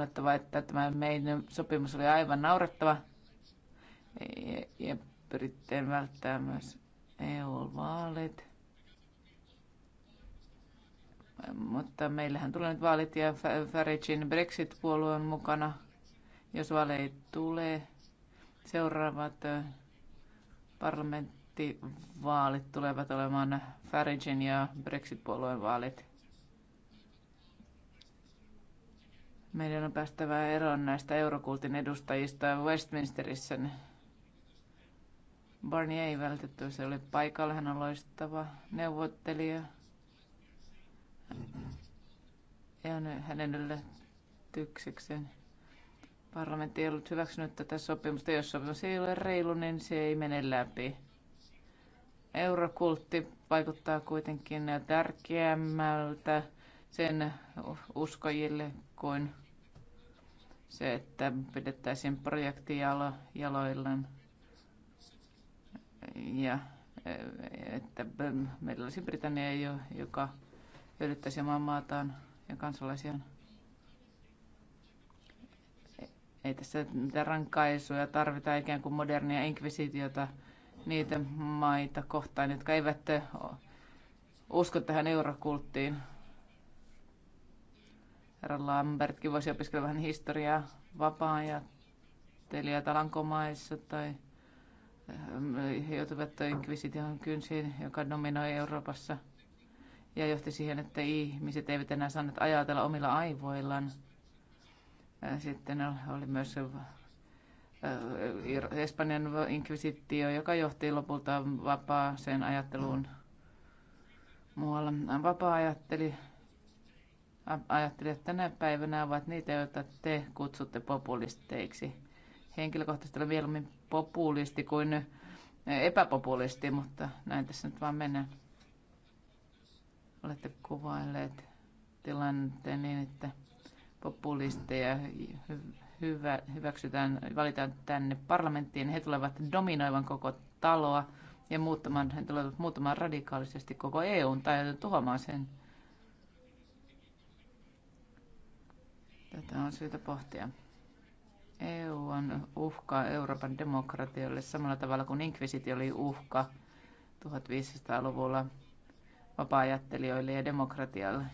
sanottava, että tämä meidän sopimus oli aivan naurettava ja pyrittiin välttää myös EU-vaalit. Mutta meillähän tulee nyt vaalit ja Farageen Brexit-puolue on mukana. Jos vaaleja tulee seuraavat parlamenttivaalit tulevat olemaan Farageen ja Brexit-puolueen vaalit. Meidän on päästävä eroon näistä eurokultin edustajista Westminsterissä. Barney ei vältetty, se oli paikalla, hän on loistava neuvottelija. Ja hänen yllätyksekseen parlamentti ei ollut hyväksynyt tätä sopimusta. Jos sopimus ei ole reilu, niin se ei mene läpi. Eurokultti vaikuttaa kuitenkin tärkeämmältä sen uskojille kuin se, että pidettäisiin projekti jalo, jaloillaan ja että meillä olisi Britannia, joka hyödyttäisi omaa maataan ja kansalaisiaan. Ei tässä mitään rankkaisuja tarvita ikään kuin modernia inkvisitiota niitä maita kohtaan, jotka eivät usko tähän eurokulttiin. Herra Lambertkin voisi opiskella vähän historiaa vapaa-ajattelijat talankomaissa tai eh, he joutuivat inkvisition kynsiin, joka dominoi Euroopassa ja johti siihen, että ihmiset eivät enää saaneet ajatella omilla aivoillaan. Eh, sitten oli myös eh, Espanjan inkvisitio, joka johti lopulta vapaaseen ajatteluun muualla. Vapaa ajatteli ajattelijat tänä päivänä ovat niitä, joita te kutsutte populisteiksi. Henkilökohtaisesti olen mieluummin populisti kuin eh, epäpopulisti, mutta näin tässä nyt vaan mennään. Olette kuvailleet tilanteen niin, että populisteja hyvä, hyväksytään, valitaan tänne parlamenttiin. He tulevat dominoivan koko taloa ja muuttamaan, he tulevat muuttamaan radikaalisesti koko EUn tai tuhoamaan sen Tätä on syytä pohtia. EU on uhka Euroopan demokratialle samalla tavalla kuin inkvisitio oli uhka 1500-luvulla vapaa ja demokratialle.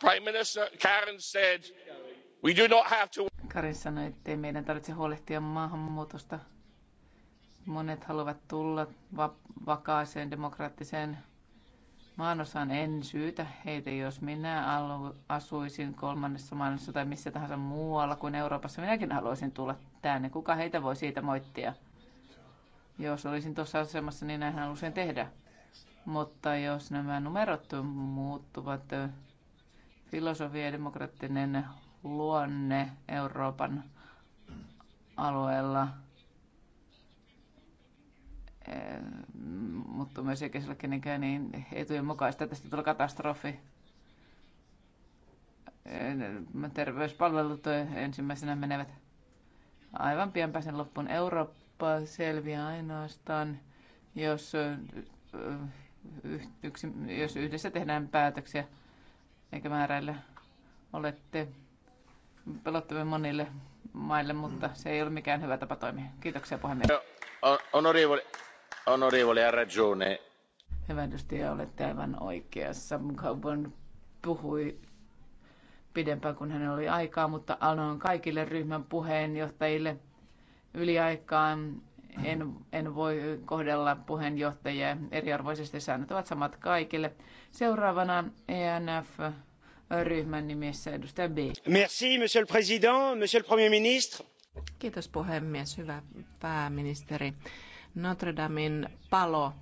Prime Minister Karen said, we do not have to... Karin sanoi, ettei meidän tarvitse huolehtia maahanmuutosta. Monet haluavat tulla va- vakaaseen demokraattiseen maanosan en syytä heitä, jos minä asuisin kolmannessa maailmassa tai missä tahansa muualla kuin Euroopassa. Minäkin haluaisin tulla tänne. Kuka heitä voi siitä moittia? Jos olisin tuossa asemassa, niin näinhän usein tehdä. Mutta jos nämä numerot muuttuvat, filosofia ja demokraattinen luonne Euroopan alueella – Eh, mutta myös ei kesällä kenenkään niin etujen mukaista. Tästä tulee katastrofi. Eh, terveyspalvelut ensimmäisenä menevät aivan pian pääsen loppuun. Eurooppa selviää ainoastaan, jos, eh, yksi, jos yhdessä tehdään päätöksiä eikä määräillä. Olette pelottavia monille maille, mutta se ei ole mikään hyvä tapa toimia. Kiitoksia puhemies. Honorevole. Onorevole ha ragione. Hyvä edustaja, olette aivan oikeassa. Kaupan puhui pidempään kuin hänellä oli aikaa, mutta annoin kaikille ryhmän puheenjohtajille yliaikaan. En, en voi kohdella puheenjohtajia eriarvoisesti. Säännöt ovat samat kaikille. Seuraavana ENF ryhmän nimessä edustaja B. Merci, monsieur le président, monsieur le premier ministre. Kiitos puhemies, hyvä pääministeri. Notre Damen palo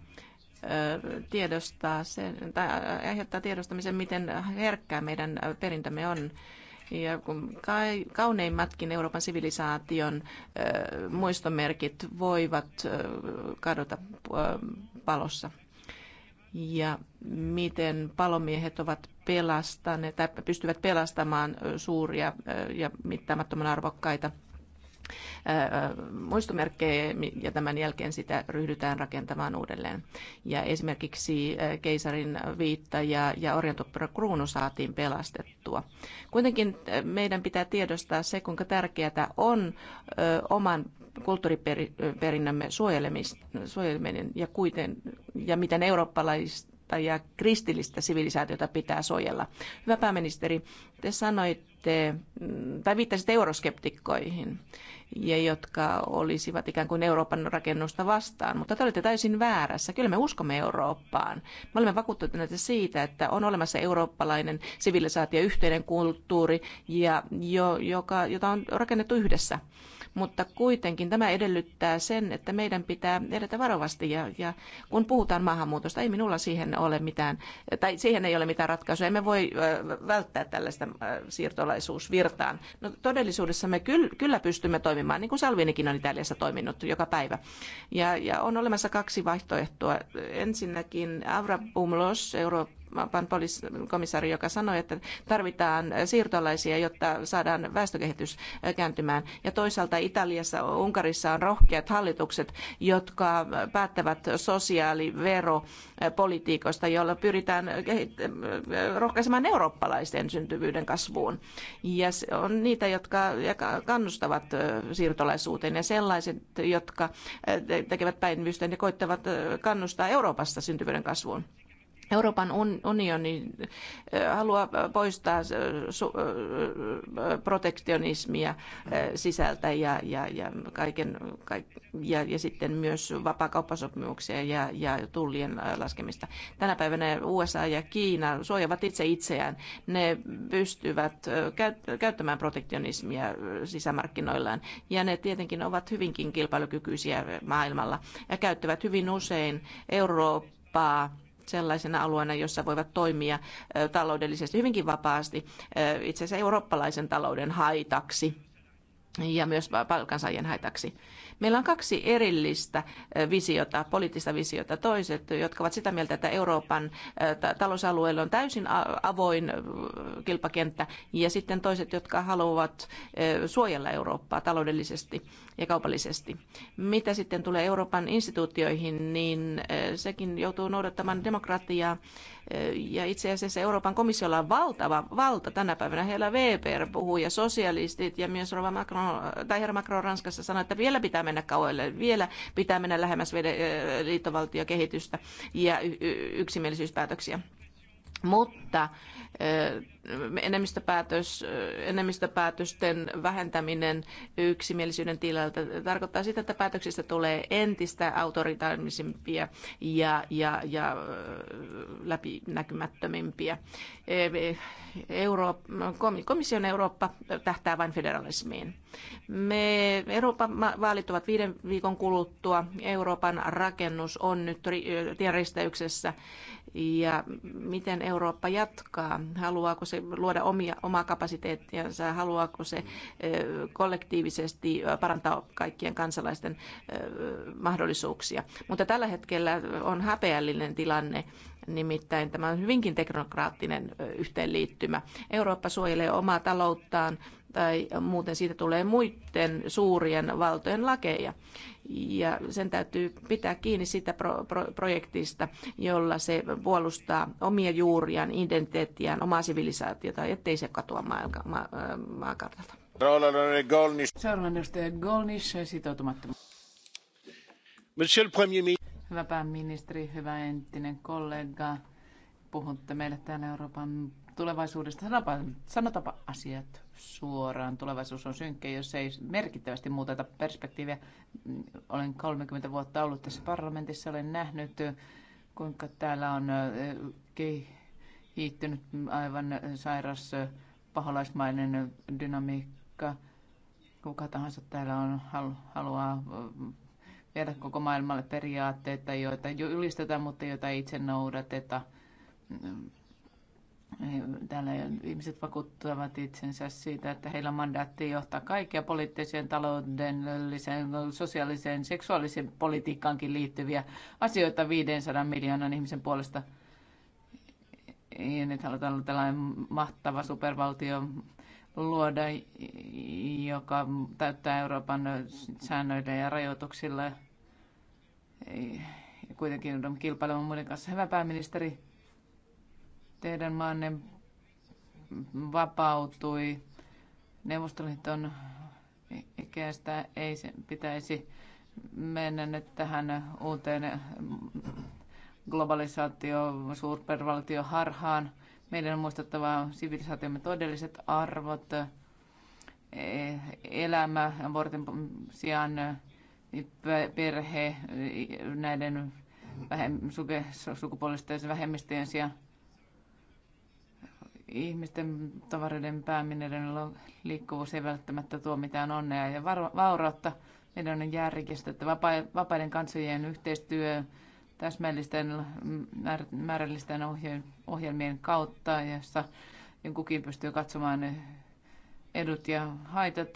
tiedostaa sen, tai aiheuttaa tiedostamisen, miten herkkää meidän perintämme on. Ja kun kauneimmatkin Euroopan sivilisaation muistomerkit voivat kadota palossa. Ja miten palomiehet ovat pelastaneet tai pystyvät pelastamaan suuria ja mittaamattoman arvokkaita muistomerkkejä ja tämän jälkeen sitä ryhdytään rakentamaan uudelleen. Ja esimerkiksi keisarin viitta ja, ja orjantuppura kruunu saatiin pelastettua. Kuitenkin meidän pitää tiedostaa se, kuinka tärkeää on oman kulttuuriperinnämme suojeleminen ja, kuiten, ja miten eurooppalaista ja kristillistä sivilisaatiota pitää suojella. Hyvä pääministeri, te sanoitte, mm, tai viittasitte euroskeptikkoihin ja jotka olisivat ikään kuin Euroopan rakennusta vastaan. Mutta te olette täysin väärässä. Kyllä me uskomme Eurooppaan. Me olemme vakuuttuneita siitä, että on olemassa eurooppalainen sivilisaatio, yhteinen kulttuuri, ja jo, joka, jota on rakennettu yhdessä. Mutta kuitenkin tämä edellyttää sen, että meidän pitää edetä varovasti ja, ja kun puhutaan maahanmuutosta, ei minulla siihen ole mitään, tai siihen ei ole mitään ratkaisua. Emme voi välttää tällaista siirtolaisuusvirtaan. No, todellisuudessa me kyllä pystymme toimimaan toimimaan, niin kuin Salvinikin on Italiassa toiminut joka päivä. Ja, ja on olemassa kaksi vaihtoehtoa. Ensinnäkin Avra Bumlos, Euro, komissaari, joka sanoi, että tarvitaan siirtolaisia, jotta saadaan väestökehitys kääntymään. Ja toisaalta Italiassa, Unkarissa on rohkeat hallitukset, jotka päättävät sosiaaliveropolitiikoista, jolla pyritään rohkaisemaan eurooppalaisten syntyvyyden kasvuun. Ja on niitä, jotka kannustavat siirtolaisuuteen ja sellaiset, jotka tekevät päinvastoin ja koittavat kannustaa Euroopasta syntyvyyden kasvuun. Euroopan unioni haluaa poistaa protektionismia sisältä ja, ja, ja, kaiken, kaik, ja, ja sitten myös vapaakauppasopimuksia ja, ja tullien laskemista. Tänä päivänä USA ja Kiina suojavat itse itseään. Ne pystyvät käyttämään protektionismia sisämarkkinoillaan ja ne tietenkin ovat hyvinkin kilpailukykyisiä maailmalla ja käyttävät hyvin usein Eurooppaa sellaisena alueena, jossa voivat toimia taloudellisesti hyvinkin vapaasti itse asiassa eurooppalaisen talouden haitaksi ja myös palkansaajien haitaksi. Meillä on kaksi erillistä visiota, poliittista visiota. Toiset, jotka ovat sitä mieltä, että Euroopan talousalueella on täysin avoin kilpakenttä, ja sitten toiset, jotka haluavat suojella Eurooppaa taloudellisesti ja kaupallisesti. Mitä sitten tulee Euroopan instituutioihin, niin sekin joutuu noudattamaan demokratiaa Eh, ja itse asiassa Euroopan komissiolla on valtava valta tänä päivänä. Heillä VPR puhuu ja sosialistit ja myös Rova Macron, tai herra Macron Ranskassa sanoi, että vielä pitää mennä kauelle, vielä pitää mennä lähemmäs eh, liittovaltiokehitystä ja yksimielisyyspäätöksiä mutta eh, enemmistöpäätös, eh, enemmistöpäätösten vähentäminen yksimielisyyden tilalta tarkoittaa sitä, että päätöksistä tulee entistä autoritaarisempia ja, ja, ja eh, läpinäkymättömimpiä. Euro, komission Eurooppa tähtää vain federalismiin. Me, Euroopan vaalit ovat viiden viikon kuluttua. Euroopan rakennus on nyt tienristeyksessä ja miten Eurooppa jatkaa. Haluaako se luoda omia, omaa kapasiteettiansa, haluaako se kollektiivisesti parantaa kaikkien kansalaisten mahdollisuuksia. Mutta tällä hetkellä on häpeällinen tilanne, Nimittäin tämä on hyvinkin teknokraattinen yhteenliittymä. Eurooppa suojelee omaa talouttaan tai muuten siitä tulee muiden suurien valtojen lakeja. Ja sen täytyy pitää kiinni siitä pro- pro- projektista, jolla se puolustaa omia juuriaan, identiteettiään, omaa sivilisaatiota, ettei se katoa ma- ma- maakartalta. Seuraavana edustaja Golnish sitoutumattomuus. Monsieur le Premier ministre, Hyvä pääministeri, hyvä entinen kollega, puhutte meille täällä Euroopan tulevaisuudesta. Sanotapa, sanotapa asiat suoraan. Tulevaisuus on synkkä, jos ei merkittävästi muuteta perspektiiviä. Mm, olen 30 vuotta ollut tässä parlamentissa, olen nähnyt, kuinka täällä on kehittynyt aivan sairas paholaismainen dynamiikka. Kuka tahansa täällä on, haluaa viedä koko maailmalle periaatteita, joita jo ylistetä, mutta joita ei itse noudateta. Täällä ihmiset vakuuttavat itsensä siitä, että heillä on mandaatti johtaa kaikkia poliittiseen, taloudelliseen, sosiaaliseen, seksuaaliseen politiikkaankin liittyviä asioita 500 miljoonan ihmisen puolesta. Ja nyt halutaan olla tällainen mahtava supervaltio luoda, joka täyttää Euroopan säännöillä ja rajoituksilla ei, kuitenkin on kilpailemaan muiden kanssa. Hyvä pääministeri, teidän maanne vapautui Neuvostoliiton ikästä. Ei sen pitäisi mennä nyt tähän uuteen globalisaatio suurpervaltio harhaan. Meidän on muistettava sivilisaatiomme todelliset arvot, e, elämä abortin sijaan niin, perhe näiden sukupuolisten vähemmistöjen ja ihmisten tavaroiden pääminen liikkuvuus ei välttämättä tuo mitään onnea ja vaurautta. Meidän on järjestettävä vapaiden kansojen yhteistyö täsmällisten määrällisten ohjelmien kautta, jossa kukin pystyy katsomaan edut ja haitat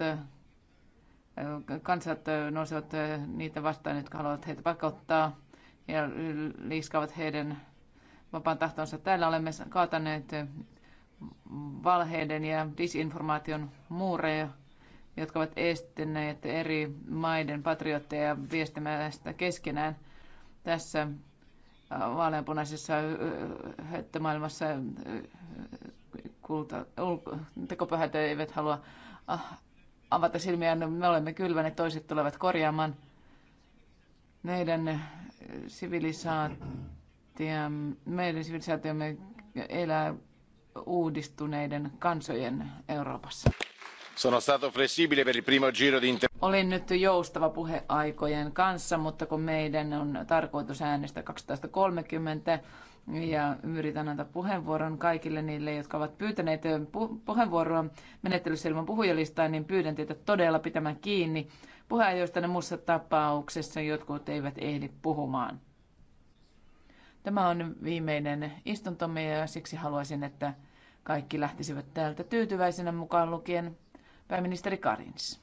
kansat nousevat niitä vastaan, jotka haluavat heitä pakottaa ja liiskaavat heidän vapaan tahtonsa. Täällä olemme kaataneet valheiden ja disinformaation muureja, jotka ovat estäneet eri maiden patriotteja viestimästä keskenään. Tässä vaaleanpunaisessa höttömaailmassa kulta, tekopöhät eivät halua ah, avata silmiään, me olemme kylväneet, toiset tulevat korjaamaan meidän eh, sivilisaatiomme, meidän sivilisaatiomme elää uudistuneiden kansojen Euroopassa. Sono stato flessibile per il primo giro di inter- Olin nyt joustava puheaikojen kanssa, mutta kun meidän on tarkoitus äänestää 2030 ja yritän antaa puheenvuoron kaikille niille, jotka ovat pyytäneet puheenvuoroa menettelyssä ilman puhujalistaa, niin pyydän teitä todella pitämään kiinni ne muussa tapauksessa jotkut eivät ehdi puhumaan. Tämä on viimeinen istuntomme ja siksi haluaisin, että kaikki lähtisivät täältä tyytyväisenä mukaan lukien pääministeri Karins.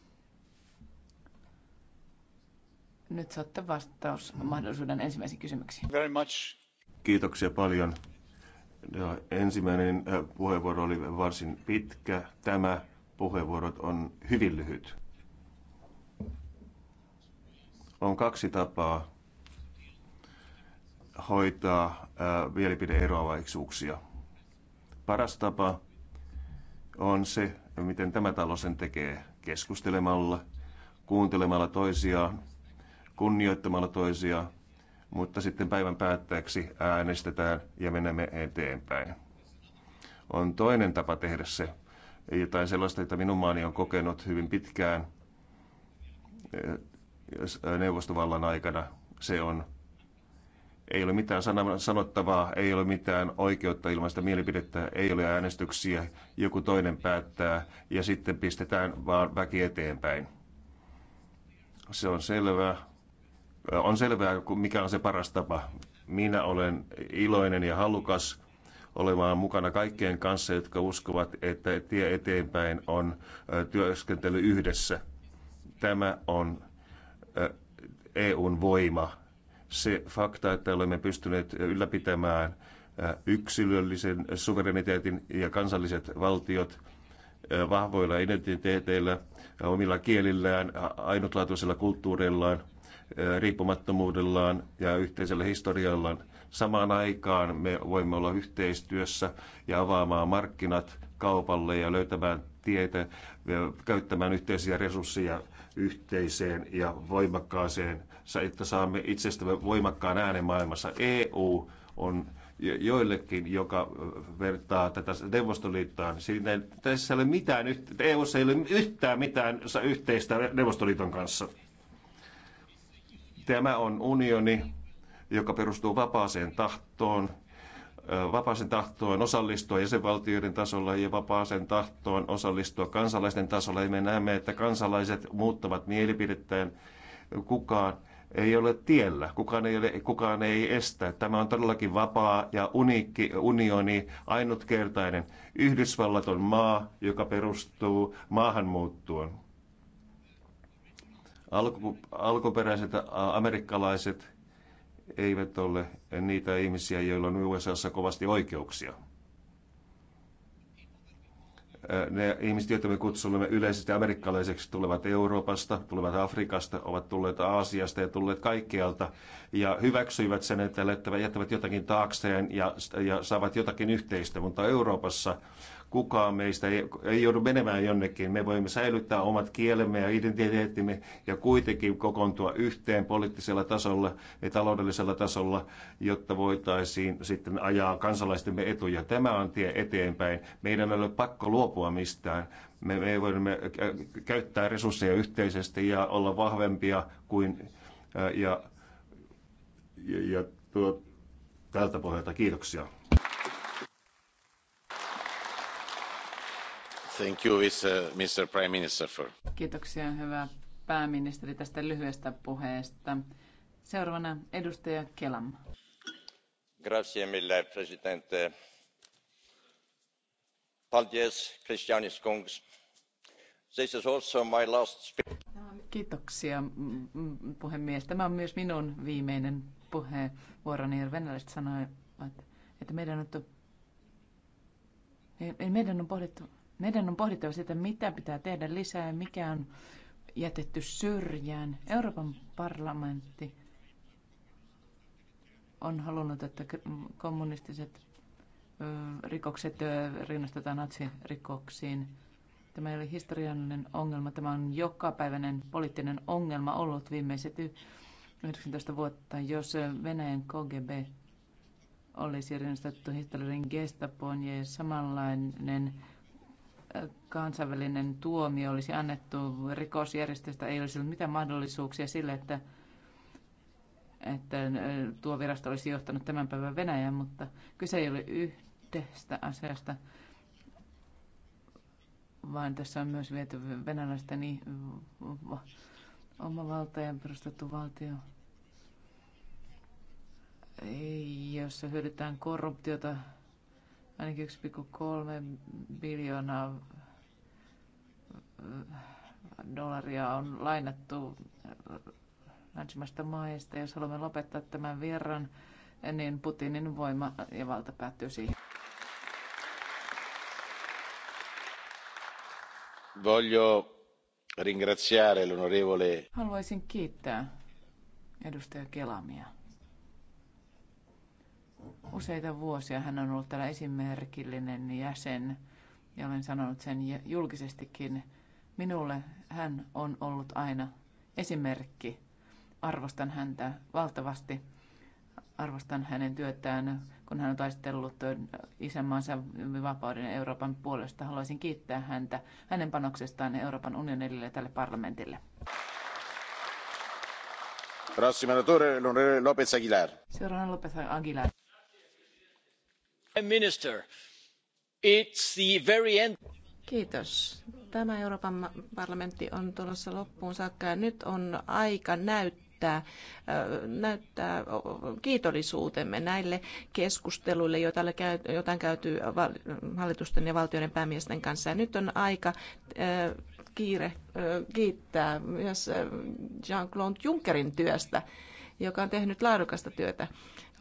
Nyt saatte vastausmahdollisuuden ensimmäisiin kysymyksiin. Very much. Kiitoksia paljon. Ja ensimmäinen äh, puheenvuoro oli varsin pitkä. Tämä puheenvuorot on hyvin lyhyt. On kaksi tapaa hoitaa äh, mielipideeroavaisuuksia. Paras tapa on se, miten tämä talo sen tekee keskustelemalla, kuuntelemalla toisiaan, kunnioittamalla toisiaan mutta sitten päivän päätteeksi äänestetään ja menemme eteenpäin. On toinen tapa tehdä se, jotain sellaista, jota minun maani on kokenut hyvin pitkään neuvostovallan aikana. Se on, ei ole mitään sanottavaa, ei ole mitään oikeutta ilmaista mielipidettä, ei ole äänestyksiä, joku toinen päättää ja sitten pistetään vaan väki eteenpäin. Se on selvää, on selvää, mikä on se paras tapa. Minä olen iloinen ja halukas olemaan mukana kaikkien kanssa, jotka uskovat, että tie eteenpäin on työskentely yhdessä. Tämä on EUn voima. Se fakta, että olemme pystyneet ylläpitämään yksilöllisen suvereniteetin ja kansalliset valtiot vahvoilla identiteeteillä, omilla kielillään, ainutlaatuisilla kulttuureillaan – riippumattomuudellaan ja yhteisellä historiallaan. Samaan aikaan me voimme olla yhteistyössä ja avaamaan markkinat kaupalle ja löytämään tietä, käyttämään yhteisiä resursseja yhteiseen ja voimakkaaseen, että saamme itsestämme voimakkaan äänen maailmassa. EU on joillekin, joka vertaa tätä Neuvostoliittoa, Siinä tässä ei ole mitään, EUssa ei ole yhtään mitään yhteistä Neuvostoliiton kanssa. Tämä on unioni, joka perustuu vapaaseen tahtoon, vapaaseen tahtoon osallistua jäsenvaltioiden tasolla ja vapaaseen tahtoon osallistua kansalaisten tasolla. Ja me näemme, että kansalaiset muuttavat mielipidettään. Kukaan ei ole tiellä, kukaan ei, ole, kukaan ei estä. Tämä on todellakin vapaa ja uniikki unioni, ainutkertainen. Yhdysvallat on maa, joka perustuu maahanmuuttoon Alku, alkuperäiset amerikkalaiset eivät ole niitä ihmisiä, joilla on USAssa kovasti oikeuksia. Ne ihmiset, joita me kutsumme yleisesti amerikkalaiseksi, tulevat Euroopasta, tulevat Afrikasta, ovat tulleet Aasiasta ja tulleet kaikkialta ja hyväksyivät sen, että jättävät jotakin taakseen ja, ja saavat jotakin yhteistä, mutta Euroopassa Kukaan meistä ei, ei joudu menemään jonnekin. Me voimme säilyttää omat kielemme ja identiteettimme ja kuitenkin kokoontua yhteen poliittisella tasolla ja taloudellisella tasolla, jotta voitaisiin sitten ajaa kansalaistemme etuja. Tämä on tie eteenpäin. Meidän ei ole pakko luopua mistään. Me, me voimme käyttää resursseja yhteisesti ja olla vahvempia kuin ja, ja, ja tuo, tältä pohjalta kiitoksia. Uh, Kiitoksia, hyvä pääministeri, tästä lyhyestä puheesta. Seuraavana edustaja Kelam. Grazie mille, presidente. Paldies, Christianis Kungs. This is also my last speech. Kiitoksia, puhemies. Tämä on myös minun viimeinen puheenvuoroni. Ja venäläiset sanoivat, että meidän on, meidän on pohdittu meidän on pohdittava sitä, mitä pitää tehdä lisää ja mikä on jätetty syrjään. Euroopan parlamentti on halunnut, että kommunistiset rikokset rinnastetaan natsirikoksiin. Tämä ei ole historiallinen ongelma, tämä on jokapäiväinen poliittinen ongelma ollut viimeiset 19 vuotta. Jos Venäjän KGB olisi rinnastettu historiallinen Gestapoon ja samanlainen kansainvälinen tuomio olisi annettu rikosjärjestöstä, ei olisi ollut mitään mahdollisuuksia sille, että, että äh, tuo virasto olisi johtanut tämän päivän Venäjään, mutta kyse ei ole yhdestä asiasta, vaan tässä on myös viety venäläisten niin oma valta ja perustettu valtio. jossa hyödytään korruptiota ainakin 1,3 biljoonaa äh, dollaria on lainattu länsimaista maista. Jos haluamme lopettaa tämän verran, niin Putinin voima ja valta päättyy siihen. Voglio ringraziare l'onorevole. Haluaisin kiittää edustaja Kelamia. Useita vuosia hän on ollut täällä esimerkillinen jäsen ja olen sanonut sen julkisestikin. Minulle hän on ollut aina esimerkki. Arvostan häntä valtavasti. Arvostan hänen työtään, kun hän on taistellut isänmaansa vapauden ja Euroopan puolesta. Haluaisin kiittää häntä hänen panoksestaan Euroopan unionille ja tälle parlamentille. Seuraavana López Aguilar. Kiitos. Tämä Euroopan parlamentti on tulossa loppuun saakka ja nyt on aika näyttää, näyttää kiitollisuutemme näille keskusteluille, joita on käyty hallitusten ja valtioiden päämiesten kanssa. Ja nyt on aika kiire kiittää myös Jean-Claude Junckerin työstä, joka on tehnyt laadukasta työtä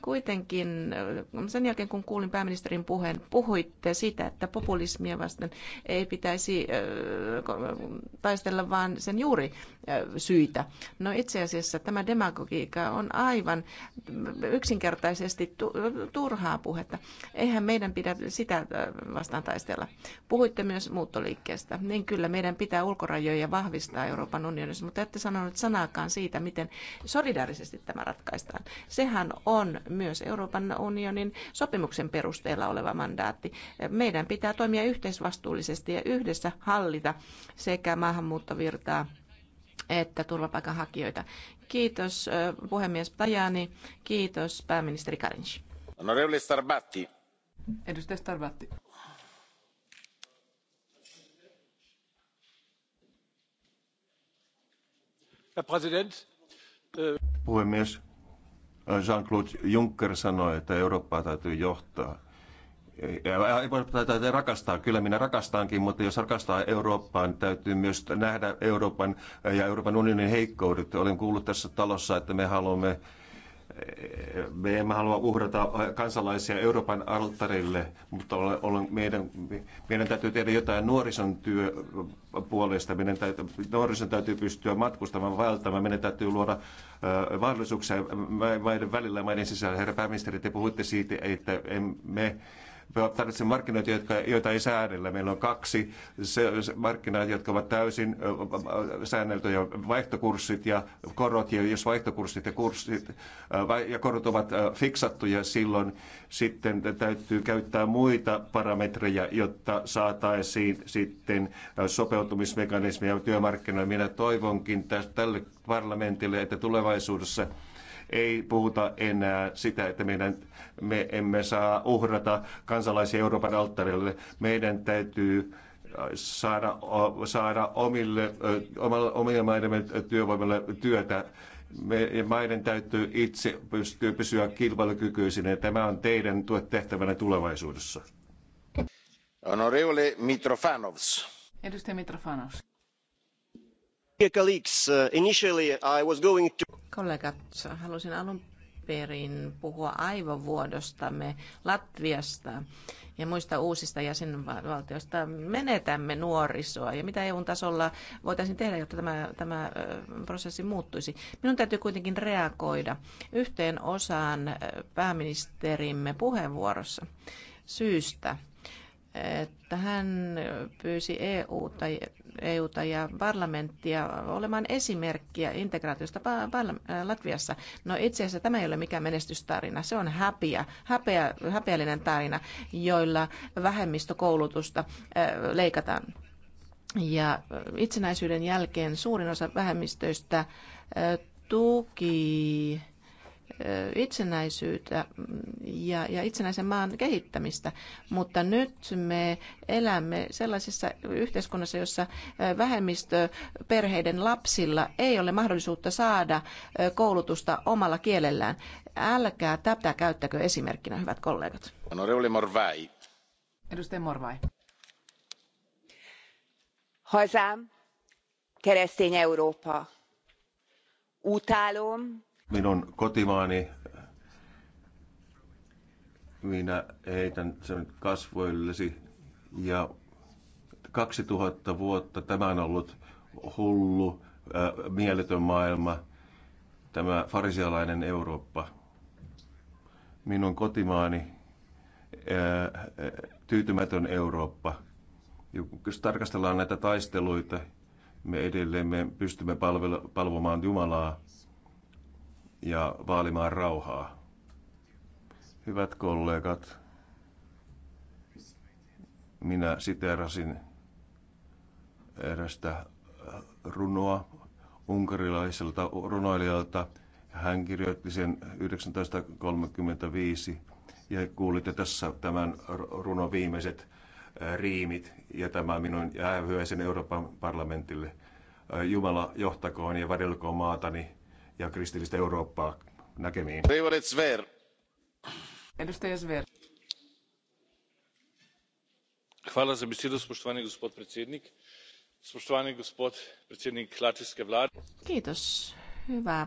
Kuitenkin äh, sen jälkeen, kun kuulin pääministerin puheen, puhuitte sitä, että populismia vasten ei pitäisi äh, taistella vaan sen juuri äh, syitä. No itse asiassa tämä demagogiikka on aivan yksinkertaisesti turhaa puhetta. Eihän meidän pidä sitä vastaan taistella. Puhuitte myös muuttoliikkeestä. Niin kyllä, meidän pitää ulkorajoja vahvistaa Euroopan unionissa, mutta ette sanonut sanaakaan siitä, miten solidaarisesti tämä ratkaistaan. Sehän on myös Euroopan unionin sopimuksen perusteella oleva mandaatti. Meidän pitää toimia yhteisvastuullisesti ja yhdessä hallita sekä maahanmuuttovirtaa että turvapaikanhakijoita. Kiitos puhemies Tajani, kiitos pääministeri Karinci. Onorevole Starbatti. Edustaja Starbatti. Herr Präsident. Äh, puhemies, Jean-Claude Juncker sanoi, että Eurooppaa täytyy johtaa. Täytyy rakastaa, kyllä minä rakastaankin, mutta jos rakastaa Eurooppaa, niin täytyy myös nähdä Euroopan ja Euroopan unionin heikkoudet. Olen kuullut tässä talossa, että me haluamme me emme halua uhrata kansalaisia Euroopan alttarille, mutta olen, meidän, meidän täytyy tehdä jotain nuorison työ puolesta. Meidän täytyy, nuorison täytyy pystyä matkustamaan, vaeltamaan. Meidän täytyy luoda äh, mahdollisuuksia maiden välillä ja maiden sisällä. Herra pääministeri, te puhuitte siitä, että me tarvitsemme markkinoita, jotka, joita ei säädellä. Meillä on kaksi se, se markkinaa, jotka ovat täysin säänneltyjä, vaihtokurssit ja korot. Ja jos vaihtokurssit ja, kurssit, ja korot ovat fiksattuja, silloin sitten täytyy käyttää muita parametreja, jotta saataisiin sitten sopeutumismekanismia työmarkkinoille. Minä toivonkin tälle parlamentille, että tulevaisuudessa ei puhuta enää sitä, että meidän, me emme saa uhrata kansalaisia Euroopan alttarille. Meidän täytyy saada, saada omille, omille maidemme työvoimalle työtä me, maiden täytyy itse pystyä pysyä kilpailukykyisinä. Tämä on teidän tehtävänä tulevaisuudessa. Honorevole Mitrofanovs. Edustaja Mitrofanovs. Uh, Kollegat, halusin alun perin puhua aivovuodostamme Latviasta ja muista uusista jäsenvaltioista. Menetämme nuorisoa ja mitä EUn tasolla voitaisiin tehdä, jotta tämä, tämä prosessi muuttuisi. Minun täytyy kuitenkin reagoida yhteen osaan pääministerimme puheenvuorossa syystä, että hän pyysi EUta, EUta ja parlamenttia olemaan esimerkkiä integraatiosta äh, Latviassa. No itse asiassa tämä ei ole mikään menestystarina, se on häpeä, häpeä, häpeällinen tarina, joilla vähemmistökoulutusta äh, leikataan. Ja äh, itsenäisyyden jälkeen suurin osa vähemmistöistä tuki itsenäisyyttä ja, ja itsenäisen maan kehittämistä, mutta nyt me elämme sellaisessa yhteiskunnassa, jossa vähemmistöperheiden lapsilla ei ole mahdollisuutta saada koulutusta omalla kielellään. Älkää tätä käyttäkö esimerkkinä, hyvät kollegat. Honorable Morvai. Edustaja Morvai. Hazám, keresztény Európa. Utálom, minun kotimaani minä heitän sen kasvoillesi ja 2000 vuotta tämä on ollut hullu, äh, mieletön maailma, tämä farisialainen Eurooppa. Minun kotimaani äh, tyytymätön Eurooppa. Ja jos tarkastellaan näitä taisteluita, me edelleen me pystymme palvomaan Jumalaa ja vaalimaan rauhaa. Hyvät kollegat, minä siteerasin erästä äh, runoa unkarilaiselta runoilijalta. Hän kirjoitti sen 1935 ja kuulitte tässä tämän runon viimeiset äh, riimit ja tämä minun jäähyäisen Euroopan parlamentille. Äh, Jumala johtakoon ja varjelkoon maatani ja kristillistä Eurooppaa näkemiin. Edustaja Zver. Hvala za besedo, spoštovani gospod predsednik. Spoštovani gospod predsednik latvijske vlade. Kiitos. Hyvä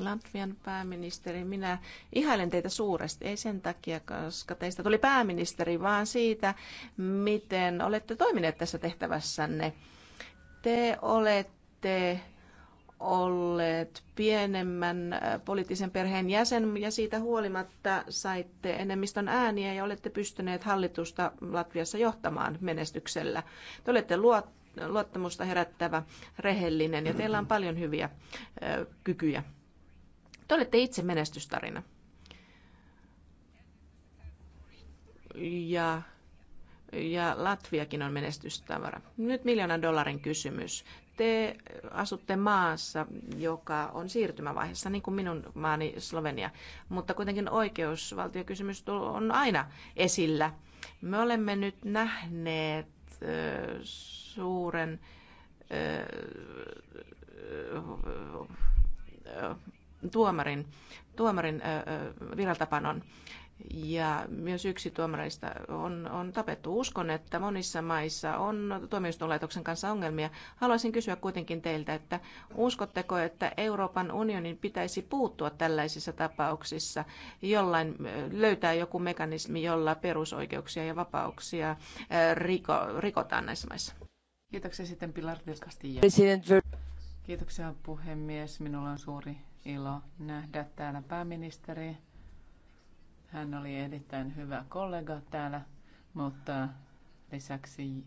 Latvian pääministeri. Minä ihailen teitä suuresti, ei sen takia, koska teistä tuli pääministeri, vaan siitä, miten olette toimineet tässä tehtävässänne. Te olette olleet pienemmän äh, poliittisen perheen jäsen ja siitä huolimatta saitte enemmistön ääniä ja olette pystyneet hallitusta Latviassa johtamaan menestyksellä. Te olette luottamusta herättävä, rehellinen ja teillä on paljon hyviä äh, kykyjä. Te olette itse menestystarina. Ja ja Latviakin on menestystavara. Nyt miljoonan dollarin kysymys te asutte maassa, joka on siirtymävaiheessa, niin kuin minun maani Slovenia, mutta kuitenkin oikeusvaltiokysymys on aina esillä. Me olemme nyt nähneet suuren tuomarin, tuomarin viraltapanon ja myös yksi tuomareista on, on tapettu. Uskon, että monissa maissa on tuomioistuinlaitoksen kanssa ongelmia. Haluaisin kysyä kuitenkin teiltä, että uskotteko, että Euroopan unionin pitäisi puuttua tällaisissa tapauksissa, jollain löytää joku mekanismi, jolla perusoikeuksia ja vapauksia riko, rikotaan näissä maissa? Kiitoksia sitten Pilar Kiitoksia puhemies. Minulla on suuri ilo nähdä täällä pääministeri hän oli erittäin hyvä kollega täällä, mutta lisäksi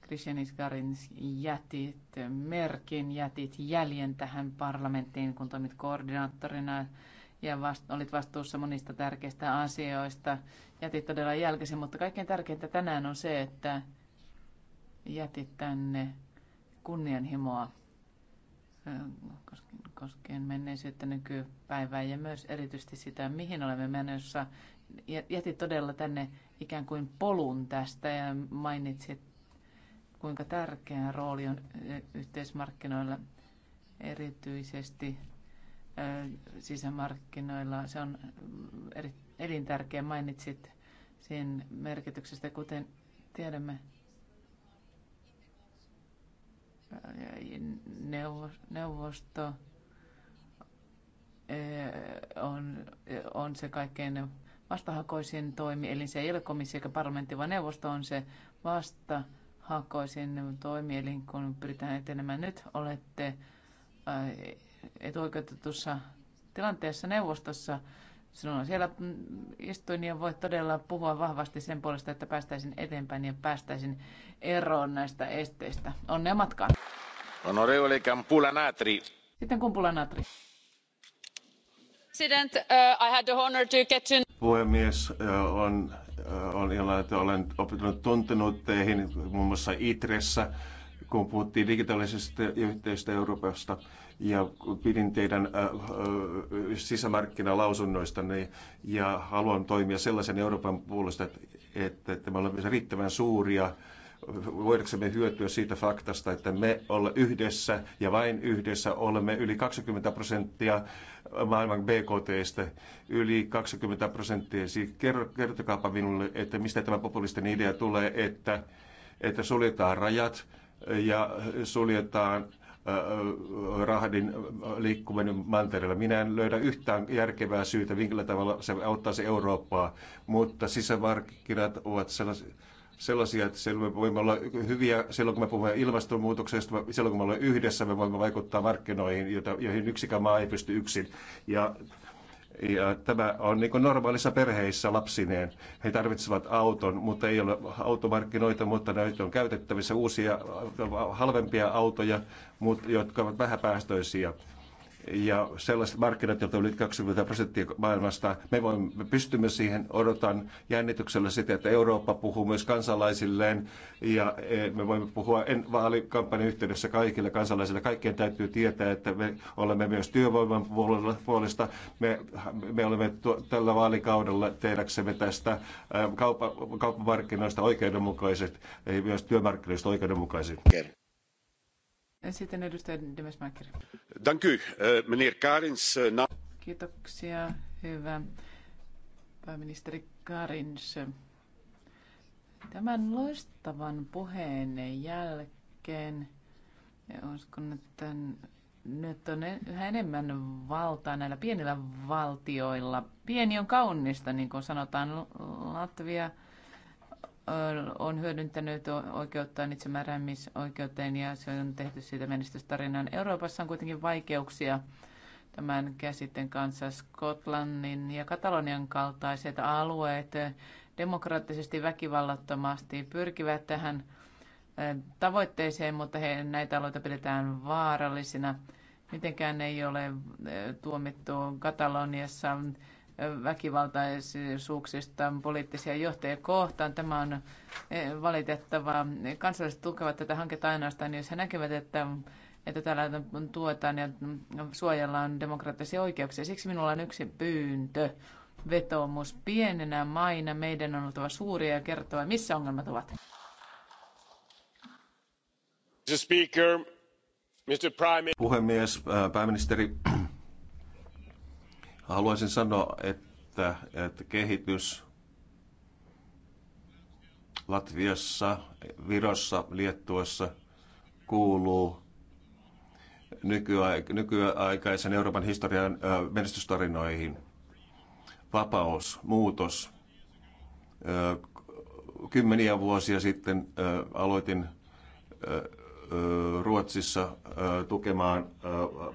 Krishanis Garins jätit merkin, jätit jäljen tähän parlamenttiin, kun toimit koordinaattorina ja vast, olit vastuussa monista tärkeistä asioista. Jätit todella jälkesi, mutta kaikkein tärkeintä tänään on se, että jätit tänne kunnianhimoa koskien menneisyyttä nykypäivää ja myös erityisesti sitä, mihin olemme menossa. Jätit todella tänne ikään kuin polun tästä ja mainitsit, kuinka tärkeä rooli on yhteismarkkinoilla erityisesti sisämarkkinoilla. Se on elintärkeä, mainitsit sen merkityksestä, kuten tiedämme neuvosto eh, on, on se kaikkein vastahakoisin toimi, eli se ei ole komissio eikä parlamentti, vaan neuvosto on se vastahakoisin toimi, eli kun pyritään etenemään nyt, olette eh, etuoikeutetussa tilanteessa neuvostossa on siellä mm, istuin ja voit todella puhua vahvasti sen puolesta, että päästäisin eteenpäin ja päästäisin eroon näistä esteistä. Onnea matkaan. Onorevole Kampula Natri. Sitten Kumpula Natri. President, uh, I had the honor to get to... Puhemies, uh, on, uh, on ilo, että olen opetunut tuntenut teihin muun muassa Itressä, kun puhuttiin digitaalisesta yhteistä Euroopasta ja pidin teidän sisämarkkinalausunnoistanne ja haluan toimia sellaisen Euroopan puolesta, että, että me olemme riittävän suuria me hyötyä siitä faktasta, että me olla yhdessä ja vain yhdessä olemme yli 20 prosenttia maailman BKTstä, yli 20 prosenttia. Siis kertokaapa minulle, että mistä tämä populistinen idea tulee, että, että suljetaan rajat ja suljetaan rahdin liikkuminen mantereella. Minä en löydä yhtään järkevää syytä, minkä tavalla se auttaisi Eurooppaa, mutta sisämarkkinat ovat sellaisia, sellaisia, että silloin me voimme olla hyviä silloin, kun me puhumme ilmastonmuutoksesta, silloin kun me olemme yhdessä, me voimme vaikuttaa markkinoihin, joihin yksikään maa ei pysty yksin. Ja ja tämä on niin normaalissa perheissä lapsineen. He tarvitsevat auton, mutta ei ole automarkkinoita, mutta näitä on käytettävissä uusia halvempia autoja, jotka ovat vähäpäästöisiä ja sellaiset markkinat, joita yli 20 prosenttia maailmasta, me, voimme, me pystymme siihen, odotan jännityksellä sitä, että Eurooppa puhuu myös kansalaisilleen ja e, me voimme puhua en vaalikampanjan yhteydessä kaikille kansalaisille. Kaikkien täytyy tietää, että me olemme myös työvoiman puolesta. Me, me olemme tuo, tällä vaalikaudella tehdäksemme tästä kauppa, kauppamarkkinoista oikeudenmukaiset, myös työmarkkinoista oikeudenmukaiset. Sitten edustaja Demesmaker. Dank u, eh, meneer Karins. Eh, Kiitoksia, hyvä pääministeri Karins. Tämän loistavan puheen jälkeen ja uskon, että nyt on e- yhä enemmän valtaa näillä pienillä valtioilla. Pieni on kaunista, niin kuin sanotaan Latvia – on hyödyntänyt oikeuttaan itsemääräämisoikeuteen ja se on tehty siitä menestystarinan. Euroopassa on kuitenkin vaikeuksia tämän käsitteen kanssa. Skotlannin ja Katalonian kaltaiset alueet demokraattisesti väkivallattomasti pyrkivät tähän eh, tavoitteeseen, mutta he, näitä aloita pidetään vaarallisina. Mitenkään ei ole eh, tuomittu Kataloniassa väkivaltaisuuksista poliittisia johtajia kohtaan. Tämä on eh, valitettavaa. Kansalaiset tukevat tätä hanketta ainoastaan, jos he näkevät, että että täällä tuetaan ja suojellaan demokraattisia oikeuksia. Siksi minulla on yksi pyyntö, vetoomus. Pienenä maina meidän on oltava suuria ja kertoa, missä ongelmat ovat. Puhemies, pääministeri, Haluaisin sanoa, että, että kehitys Latviassa, Virossa, Liettuassa kuuluu nykyaik- nykyaikaisen Euroopan historian menestystarinoihin. Vapaus, muutos. Kymmeniä vuosia sitten aloitin Ruotsissa tukemaan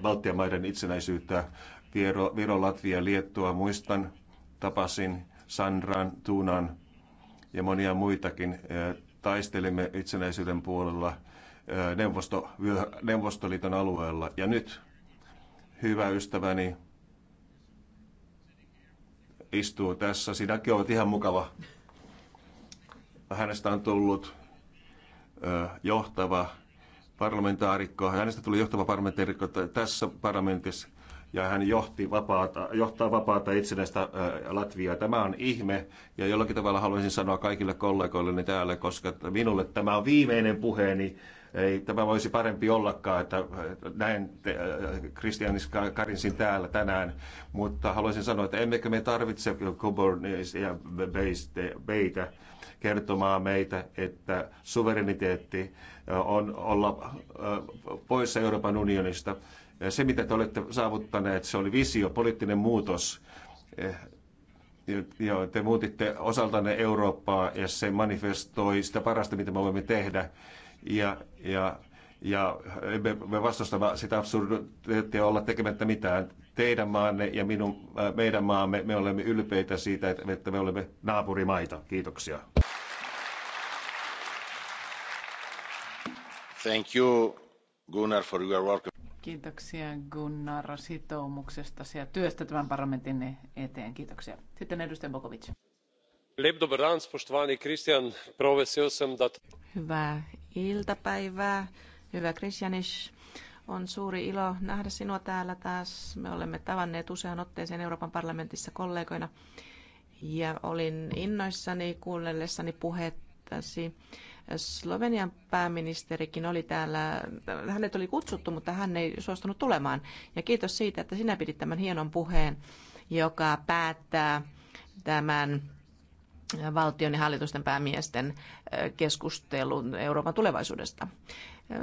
Baltian maiden itsenäisyyttä Viro, Viro Latvia, Liettua muistan. Tapasin Sandran, Tuunan ja monia muitakin. Taistelimme itsenäisyyden puolella neuvosto, Neuvostoliiton alueella. Ja nyt, hyvä ystäväni, istuu tässä. Sinäkin olet ihan mukava. Hänestä on tullut johtava parlamentaarikko. Hänestä tuli johtava parlamentaarikko tässä parlamentissa ja hän johti vapaata, johtaa vapaata itsenäistä Latviaa. Tämä on ihme ja jollakin tavalla haluaisin sanoa kaikille kollegoilleni niin täällä, koska minulle tämä on viimeinen puheeni. Ei tämä voisi parempi ollakaan, että näin Kristianis Karinsin täällä tänään, mutta haluaisin sanoa, että emmekö me tarvitse Kubornis ja Beitä kertomaan meitä, että suvereniteetti on olla poissa Euroopan unionista. Se, mitä te olette saavuttaneet, se oli visio, poliittinen muutos. Joo, te muutitte osaltanne Eurooppaa ja se manifestoi sitä parasta, mitä me voimme tehdä. Ja, ja, ja me, me vastustamme sitä absurditeettia olla tekemättä mitään. Teidän maanne ja minun, äh, meidän maamme, me olemme ylpeitä siitä, että me olemme naapurimaita. Kiitoksia. Thank you, Gunnar, for your work. Kiitoksia Gunnar sitoumuksesta ja työstä tämän parlamentin eteen. Kiitoksia. Sitten edustaja Bokovic. Lep dober dan, spoštovani Kristjan. Prav sem, da... Hyvää iltapäivää, hyvä Kristjanis. On suuri ilo nähdä sinua täällä taas. Me olemme tavanneet usean otteeseen Euroopan parlamentissa kollegoina. Ja olin innoissani kuunnellessani puhettasi Slovenian pääministerikin oli täällä, hänet oli kutsuttu, mutta hän ei suostunut tulemaan. Ja kiitos siitä, että sinä pidit tämän hienon puheen, joka päättää tämän valtion ja hallitusten päämiesten keskustelun Euroopan tulevaisuudesta.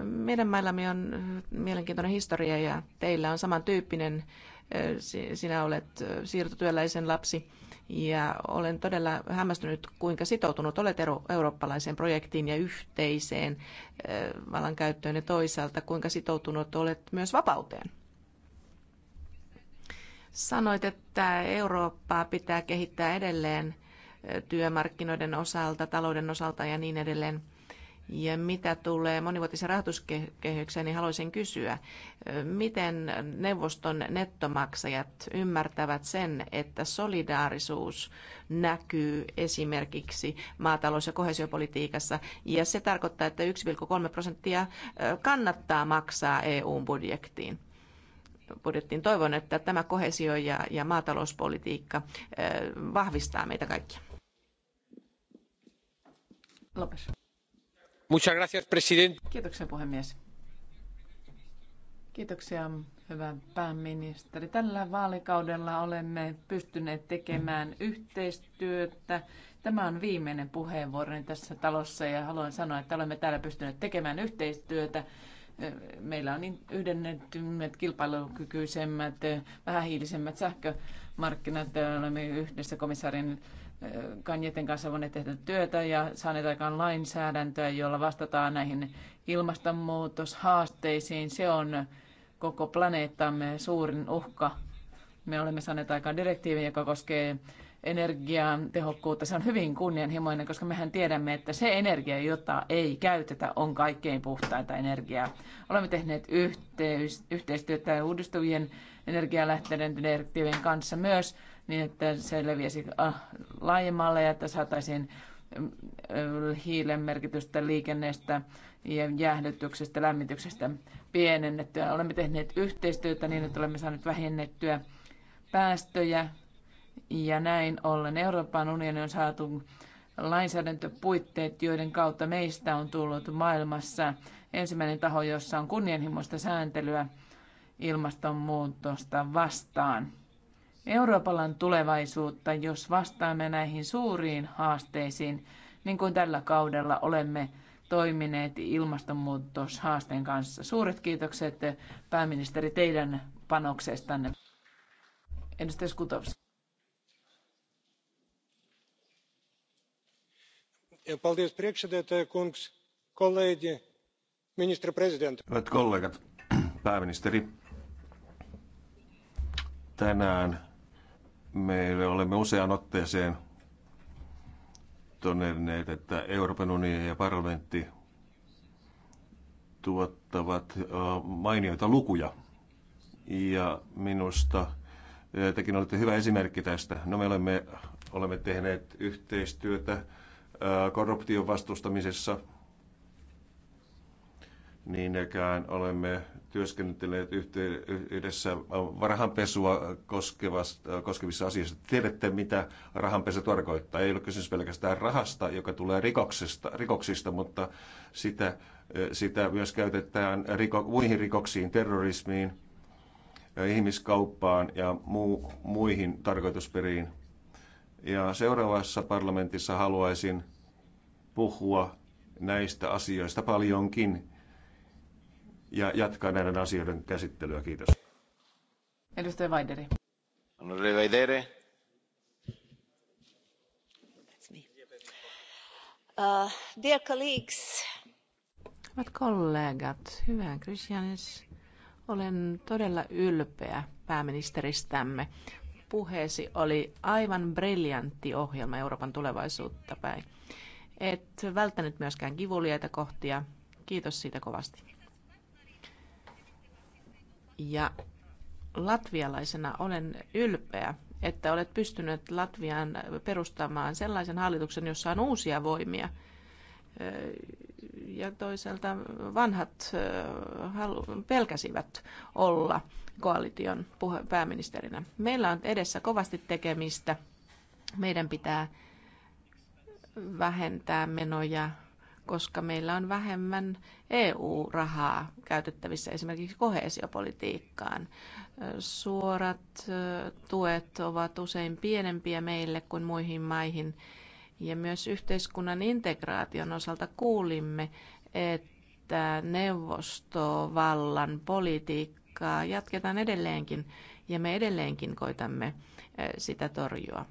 Meidän maillamme on mielenkiintoinen historia ja teillä on samantyyppinen sinä olet siirtotyöläisen lapsi ja olen todella hämmästynyt, kuinka sitoutunut olet eurooppalaiseen projektiin ja yhteiseen vallankäyttöön ja toisaalta kuinka sitoutunut olet myös vapauteen. Sanoit, että Eurooppaa pitää kehittää edelleen työmarkkinoiden osalta, talouden osalta ja niin edelleen. Ja mitä tulee monivuotisen rahoituskehykseen, niin haluaisin kysyä, miten neuvoston nettomaksajat ymmärtävät sen, että solidaarisuus näkyy esimerkiksi maatalous- ja kohesiopolitiikassa, ja se tarkoittaa, että 1,3 prosenttia kannattaa maksaa EU-budjettiin budjettiin. Toivon, että tämä kohesio- ja, ja maatalouspolitiikka vahvistaa meitä kaikkia. Lopes arvoisa Kiitoksia puhemies. Kiitoksia, hyvä pääministeri. Tällä vaalikaudella olemme pystyneet tekemään yhteistyötä. Tämä on viimeinen puheenvuoroni tässä talossa ja haluan sanoa, että olemme täällä pystyneet tekemään yhteistyötä. Meillä on yhdennettymmät, kilpailukykyisemmät, vähähiilisemmät sähkömarkkinat. Olemme yhdessä komissaarin Kanjeten kanssa voineet tehdä työtä ja saaneet aikaan lainsäädäntöä, jolla vastataan näihin ilmastonmuutoshaasteisiin. Se on koko planeettamme suurin uhka. Me olemme saaneet aikaan direktiivin, joka koskee energiatehokkuutta. Se on hyvin kunnianhimoinen, koska mehän tiedämme, että se energia, jota ei käytetä, on kaikkein puhtainta energiaa. Olemme tehneet yhteys, yhteistyötä uudistuvien energialähteiden direktiivien kanssa myös niin että se leviäisi äh, laajemmalle ja että saataisiin mm, äh, hiilen merkitystä liikenneestä ja jäähdytyksestä, lämmityksestä pienennettyä. Olemme tehneet yhteistyötä niin, että olemme saaneet vähennettyä päästöjä ja näin ollen Euroopan unioni on saatu lainsäädäntöpuitteet, joiden kautta meistä on tullut maailmassa ensimmäinen taho, jossa on kunnianhimoista sääntelyä ilmastonmuutosta vastaan. Euroopalla on tulevaisuutta, jos vastaamme näihin suuriin haasteisiin, niin kuin tällä kaudella olemme toimineet ilmastonmuutoshaasteen kanssa. Suuret kiitokset pääministeri teidän panoksestanne. Edustaja Skutovs. Hyvät kollegat, pääministeri, tänään Meille olemme useaan otteeseen todenneet, että Euroopan unioni ja parlamentti tuottavat mainioita lukuja. Ja minusta tekin olette hyvä esimerkki tästä. No me olemme, olemme tehneet yhteistyötä korruption vastustamisessa – niin ikään olemme työskennelleet yhdessä rahanpesua koskevissa asioissa. Tiedätte, mitä rahanpesu tarkoittaa. Ei ole kysymys pelkästään rahasta, joka tulee rikoksesta, rikoksista, mutta sitä, sitä myös käytetään riko, muihin rikoksiin, terrorismiin, ihmiskauppaan ja muu, muihin tarkoitusperiin. Ja seuraavassa parlamentissa haluaisin puhua näistä asioista paljonkin ja jatkaa näiden asioiden käsittelyä. Kiitos. Edustaja Vaideri. Onorevole Vaidere. Uh, dear colleagues. Hyvät kollegat, hyvän Christianis. Olen todella ylpeä pääministeristämme. Puheesi oli aivan briljantti ohjelma Euroopan tulevaisuutta päin. Et välttänyt myöskään kivuliaita kohtia. Kiitos siitä kovasti. Ja latvialaisena olen ylpeä, että olet pystynyt Latviaan perustamaan sellaisen hallituksen, jossa on uusia voimia. Ja toisaalta vanhat pelkäsivät olla koalition pääministerinä. Meillä on edessä kovasti tekemistä. Meidän pitää vähentää menoja koska meillä on vähemmän EU-rahaa käytettävissä esimerkiksi koheesiopolitiikkaan. Suorat tuet ovat usein pienempiä meille kuin muihin maihin. Ja myös yhteiskunnan integraation osalta kuulimme, että neuvostovallan politiikkaa jatketaan edelleenkin ja me edelleenkin koitamme sitä torjua.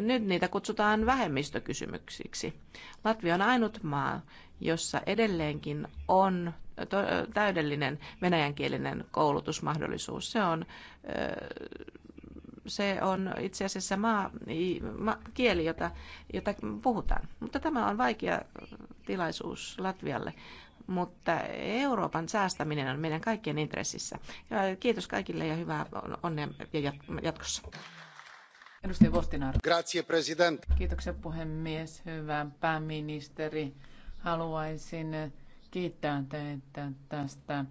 Nyt niitä kutsutaan vähemmistökysymyksiksi. Latvia on ainut maa, jossa edelleenkin on täydellinen venäjänkielinen koulutusmahdollisuus. Se on, se on itse asiassa maa, ma, kieli, jota, jota puhutaan. Mutta tämä on vaikea tilaisuus Latvialle. Mutta Euroopan säästäminen on meidän kaikkien intressissä. kiitos kaikille ja hyvää onnea jatkossa arvoisa Kiitoksia puhemies. Hyvä pääministeri. Haluaisin kiittää teitä tästä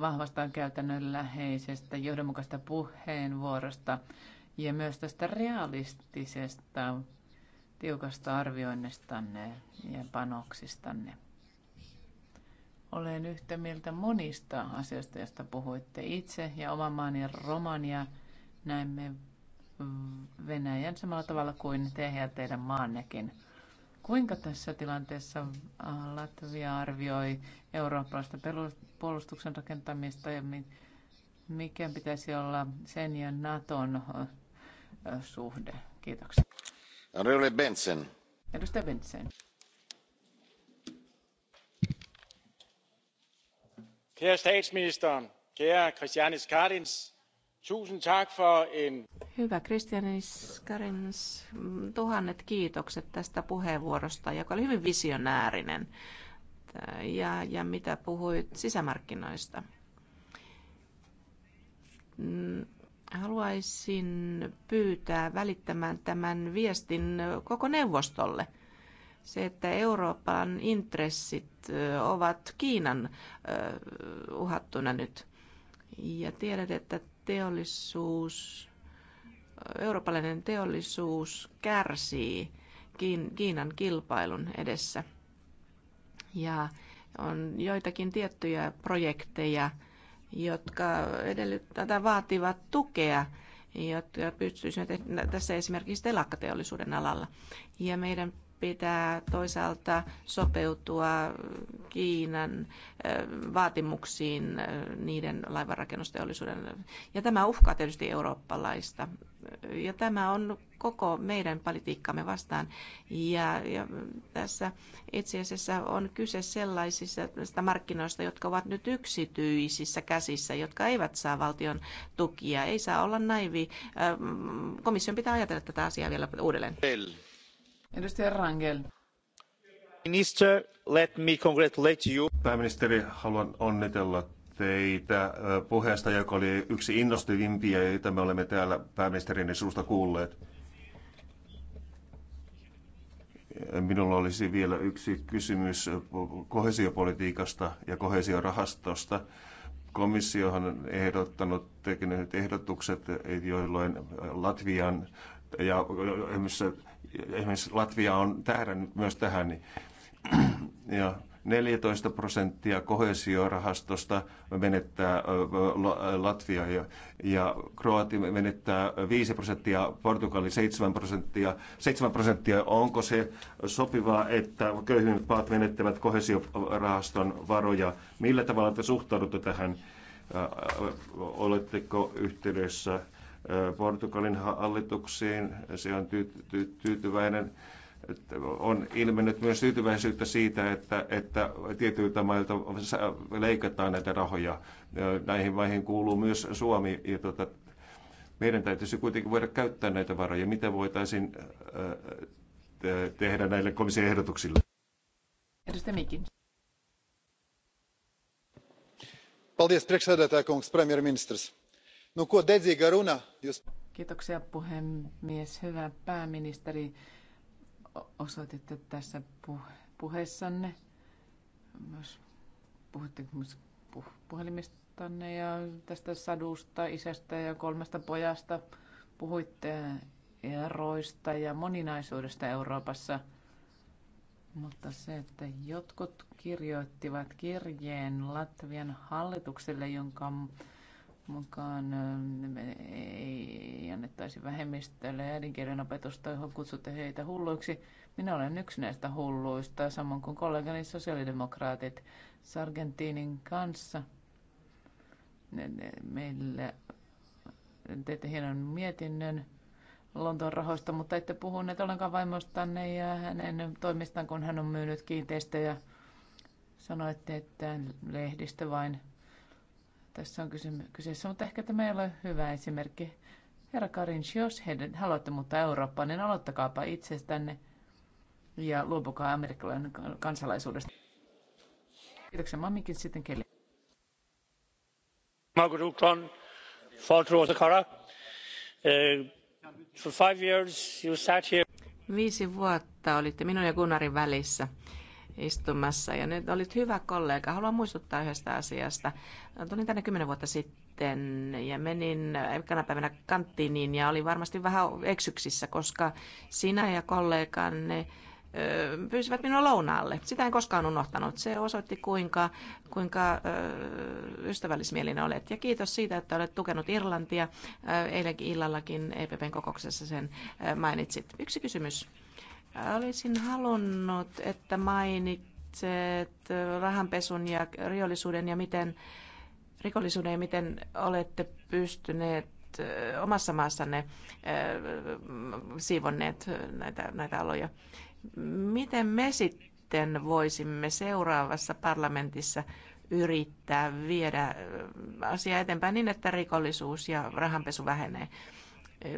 vahvasta käytännönläheisestä johdonmukaisesta puheenvuorosta ja myös tästä realistisesta tiukasta arvioinnistanne ja panoksistanne. Olen yhtä mieltä monista asioista, joista puhuitte itse ja oma maani Romania näemme Mm, Venäjän samalla tavalla kuin te ja teidän maannekin. Kuinka tässä tilanteessa Latvia arvioi eurooppalaista puolustuksen rakentamista ja mikä pitäisi olla sen ja Naton suhde? Kiitoksia. Arvioille Benson. Edustaja Benson. Kære statsminister, kære Christianis Kardins, Hyvä Christianis Karins, tuhannet kiitokset tästä puheenvuorosta, joka oli hyvin visionäärinen. Ja, ja mitä puhuit sisämarkkinoista? Haluaisin pyytää välittämään tämän viestin koko neuvostolle se, että Euroopan intressit ovat Kiinan uhattuna nyt. Ja tiedät, että teollisuus, eurooppalainen teollisuus kärsii Kiinan kilpailun edessä. Ja on joitakin tiettyjä projekteja, jotka edellyttävät tai vaativat tukea, jotka pystyisivät tässä esimerkiksi telakkateollisuuden alalla. Ja meidän pitää toisaalta sopeutua Kiinan vaatimuksiin niiden laivanrakennusteollisuuden. Ja tämä uhkaa tietysti eurooppalaista. Ja tämä on koko meidän politiikkamme vastaan. Ja, ja tässä itse asiassa on kyse sellaisista markkinoista, jotka ovat nyt yksityisissä käsissä, jotka eivät saa valtion tukia. Ei saa olla naivi. Komission pitää ajatella tätä asiaa vielä uudelleen. Bell. Pääministeri, haluan onnitella teitä puheesta, joka oli yksi innostavimpia, joita me olemme täällä pääministerin suusta kuulleet. Minulla olisi vielä yksi kysymys kohesiopolitiikasta ja kohesiorahastosta. Komissiohan on ehdottanut, tehnyt ehdotukset, joilloin Latvian ja Esimerkiksi Latvia on tähdännyt myös tähän. niin Ja 14 prosenttia kohesiorahastosta menettää Latvia ja, ja Kroatia menettää 5 prosenttia, Portugali 7 prosenttia. 7 prosenttia, onko se sopivaa, että köyhimmät maat menettävät kohesiorahaston varoja? Millä tavalla te suhtaudutte tähän? Oletteko yhteydessä Portugalin hallituksiin. Se on tyytyväinen on ilmennyt myös tyytyväisyyttä siitä, että, että tietyiltä mailta leikataan näitä rahoja. Näihin maihin kuuluu myös Suomi. Ja tuota, meidän täytyisi kuitenkin voida käyttää näitä varoja. Mitä voitaisiin tehdä näille komission ehdotuksille? Edustaja Mikin. Paldies, priekšsēdētāja kungs, premjerministrs. No kun Garuna, jos... Kiitoksia puhemies. Hyvä pääministeri, osoititte tässä puheessanne myös puhutte myös puhelimistanne ja tästä sadusta, isästä ja kolmesta pojasta. Puhuitte eroista ja moninaisuudesta Euroopassa. Mutta se, että jotkut kirjoittivat kirjeen Latvian hallitukselle, jonka mukaan ei annettaisi vähemmistölle äidinkielen opetusta, johon kutsutte heitä hulluiksi. Minä olen yksi näistä hulluista, samoin kuin kollegani sosiaalidemokraatit Sargentinin kanssa. Meillä teette hienon mietinnön Lontoon rahoista, mutta ette puhuneet ollenkaan vaimostanne ja hänen toimistaan, kun hän on myynyt kiinteistöjä. Sanoitte, että lehdistä vain tässä on kysymy- kyseessä, mutta ehkä tämä ei ole hyvä esimerkki. Herra Karin, jos heidän haluatte muuttaa Eurooppaan, niin aloittakaapa itsestänne ja luopukaa amerikkalainen kansalaisuudesta. Kiitoksia mä Mamikin sitten kelle. Eh, Viisi vuotta olitte minun ja Gunnarin välissä istumassa. Ja nyt olit hyvä kollega. Haluan muistuttaa yhdestä asiasta. Tulin tänne kymmenen vuotta sitten ja menin ekana eh, päivänä kanttiiniin ja oli varmasti vähän eksyksissä, koska sinä ja kolleganne eh, pyysivät minua lounaalle. Sitä en koskaan unohtanut. Se osoitti, kuinka, kuinka eh, ystävällismielinen olet. Ja kiitos siitä, että olet tukenut Irlantia. Eilenkin illallakin EPPn kokouksessa sen mainitsit. Yksi kysymys Olisin halunnut, että mainitset rahanpesun ja rikollisuuden ja miten, rikollisuuden ja miten olette pystyneet omassa maassanne siivonneet näitä, näitä aloja. Miten me sitten voisimme seuraavassa parlamentissa yrittää viedä asiaa eteenpäin niin, että rikollisuus ja rahanpesu vähenee?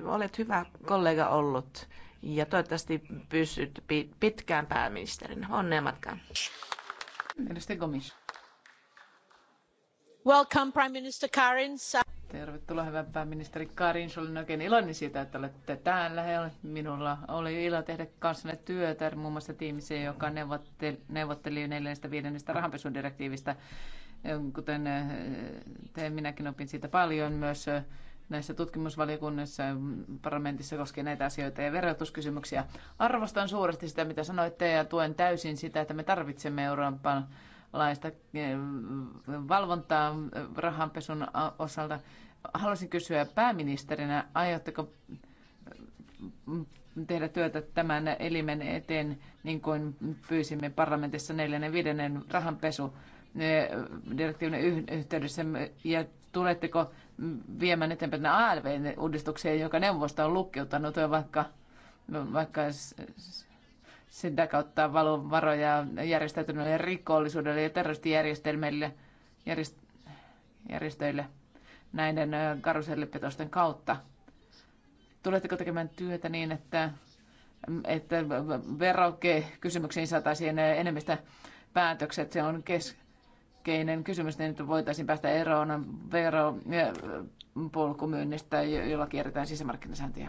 Olet hyvä kollega ollut ja toivottavasti pysyt pitkään pääministerin. Onnea matkaan. Welcome, Prime Minister Karin. Tervetuloa, hyvä pääministeri Karin. Olen oikein iloinen siitä, että olette täällä. Minulla oli ilo tehdä kanssanne työtä, muun muassa tiimissä, joka neuvotteli, neuvotteli rahanpesun direktiivistä, Kuten eh, te, minäkin opin siitä paljon myös eh, näissä tutkimusvaliokunnissa ja parlamentissa koskien näitä asioita ja verotuskysymyksiä. Arvostan suuresti sitä, mitä sanoitte ja tuen täysin sitä, että me tarvitsemme Euroopan laista eh, valvontaa eh, rahanpesun osalta. Haluaisin kysyä pääministerinä, aiotteko eh, tehdä työtä tämän elimen eteen, niin kuin pyysimme parlamentissa neljännen viidennen rahanpesu direktiivinen yhteydessä, ja tuletteko viemään eteenpäin ALV-uudistuksia, joka neuvosto on lukkiutanut, vaikka, vaikka sitä kautta valuu varoja järjestäytyneelle rikollisuudelle ja terroristijärjestelmille, järjest, järjestöille näiden karusellipetosten kautta. Tuletteko tekemään työtä niin, että, että verokysymyksiin saataisiin enemmistä päätökset? Se on kes, keskeinen kysymys, niin että voitaisiin päästä eroon veropolkumyynnistä, jolla kierretään sisämarkkinasääntöjä.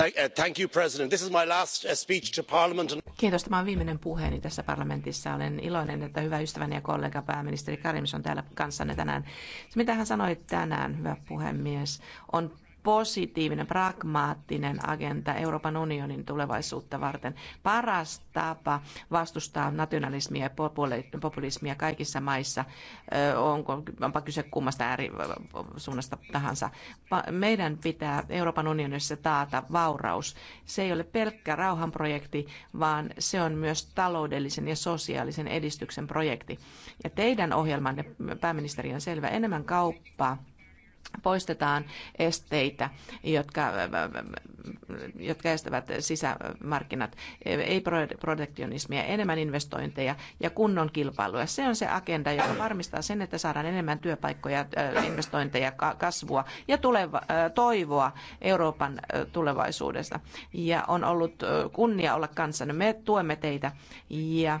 Uh, thank you, President. This is my last uh, speech to Parliament. Kiitos. Tämä on viimeinen puheeni tässä parlamentissa. Olen iloinen, että hyvä ystäväni ja kollega pääministeri Karims on täällä kanssanne tänään. Se, mitä hän sanoi tänään, hyvä puhemies, on positiivinen, pragmaattinen agenda Euroopan unionin tulevaisuutta varten. Paras tapa vastustaa nationalismia ja populismia kaikissa maissa, onko, onpa kyse kummasta äärisuunnasta tahansa. Meidän pitää Euroopan unionissa taata vauraus. Se ei ole pelkkä rauhanprojekti, vaan se on myös taloudellisen ja sosiaalisen edistyksen projekti. Ja teidän ohjelmanne, pääministeri, on selvä. Enemmän kauppaa poistetaan esteitä, jotka, jotka estävät sisämarkkinat, ei protektionismia, enemmän investointeja ja kunnon kilpailua. Se on se agenda, joka varmistaa sen, että saadaan enemmän työpaikkoja, investointeja, kasvua ja tuleva, toivoa Euroopan tulevaisuudesta. Ja on ollut kunnia olla kanssanne. Me tuemme teitä ja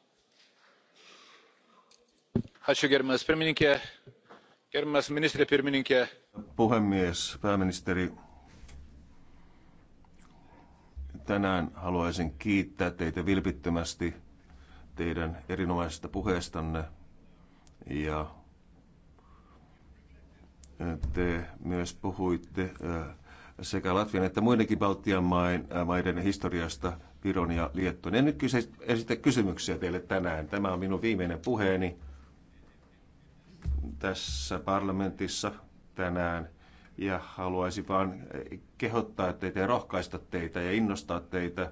gerbiamas puhemies pääministeri tänään haluaisin kiittää teitä vilpittömästi teidän erinomaisesta puheestanne ja te myös puhuitte sekä Latvian että muidenkin Baltian maiden historiasta Viron ja Liettuan. En nyt esitä kysymyksiä teille tänään. Tämä on minun viimeinen puheeni tässä parlamentissa tänään ja haluaisin vaan kehottaa teitä ja rohkaista teitä ja innostaa teitä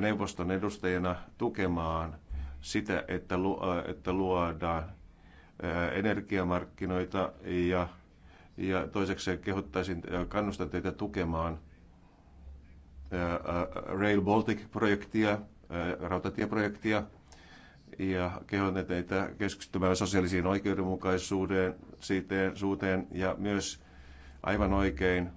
neuvoston edustajana tukemaan sitä, että, lu, että luodaan energiamarkkinoita ja, ja toiseksi kehottaisin ja kannustan teitä tukemaan Rail Baltic-projektia, rautatieprojektia, ja kehotan teitä keskittymään sosiaalisiin oikeudenmukaisuuteen siiteen, suuteen ja myös aivan oikein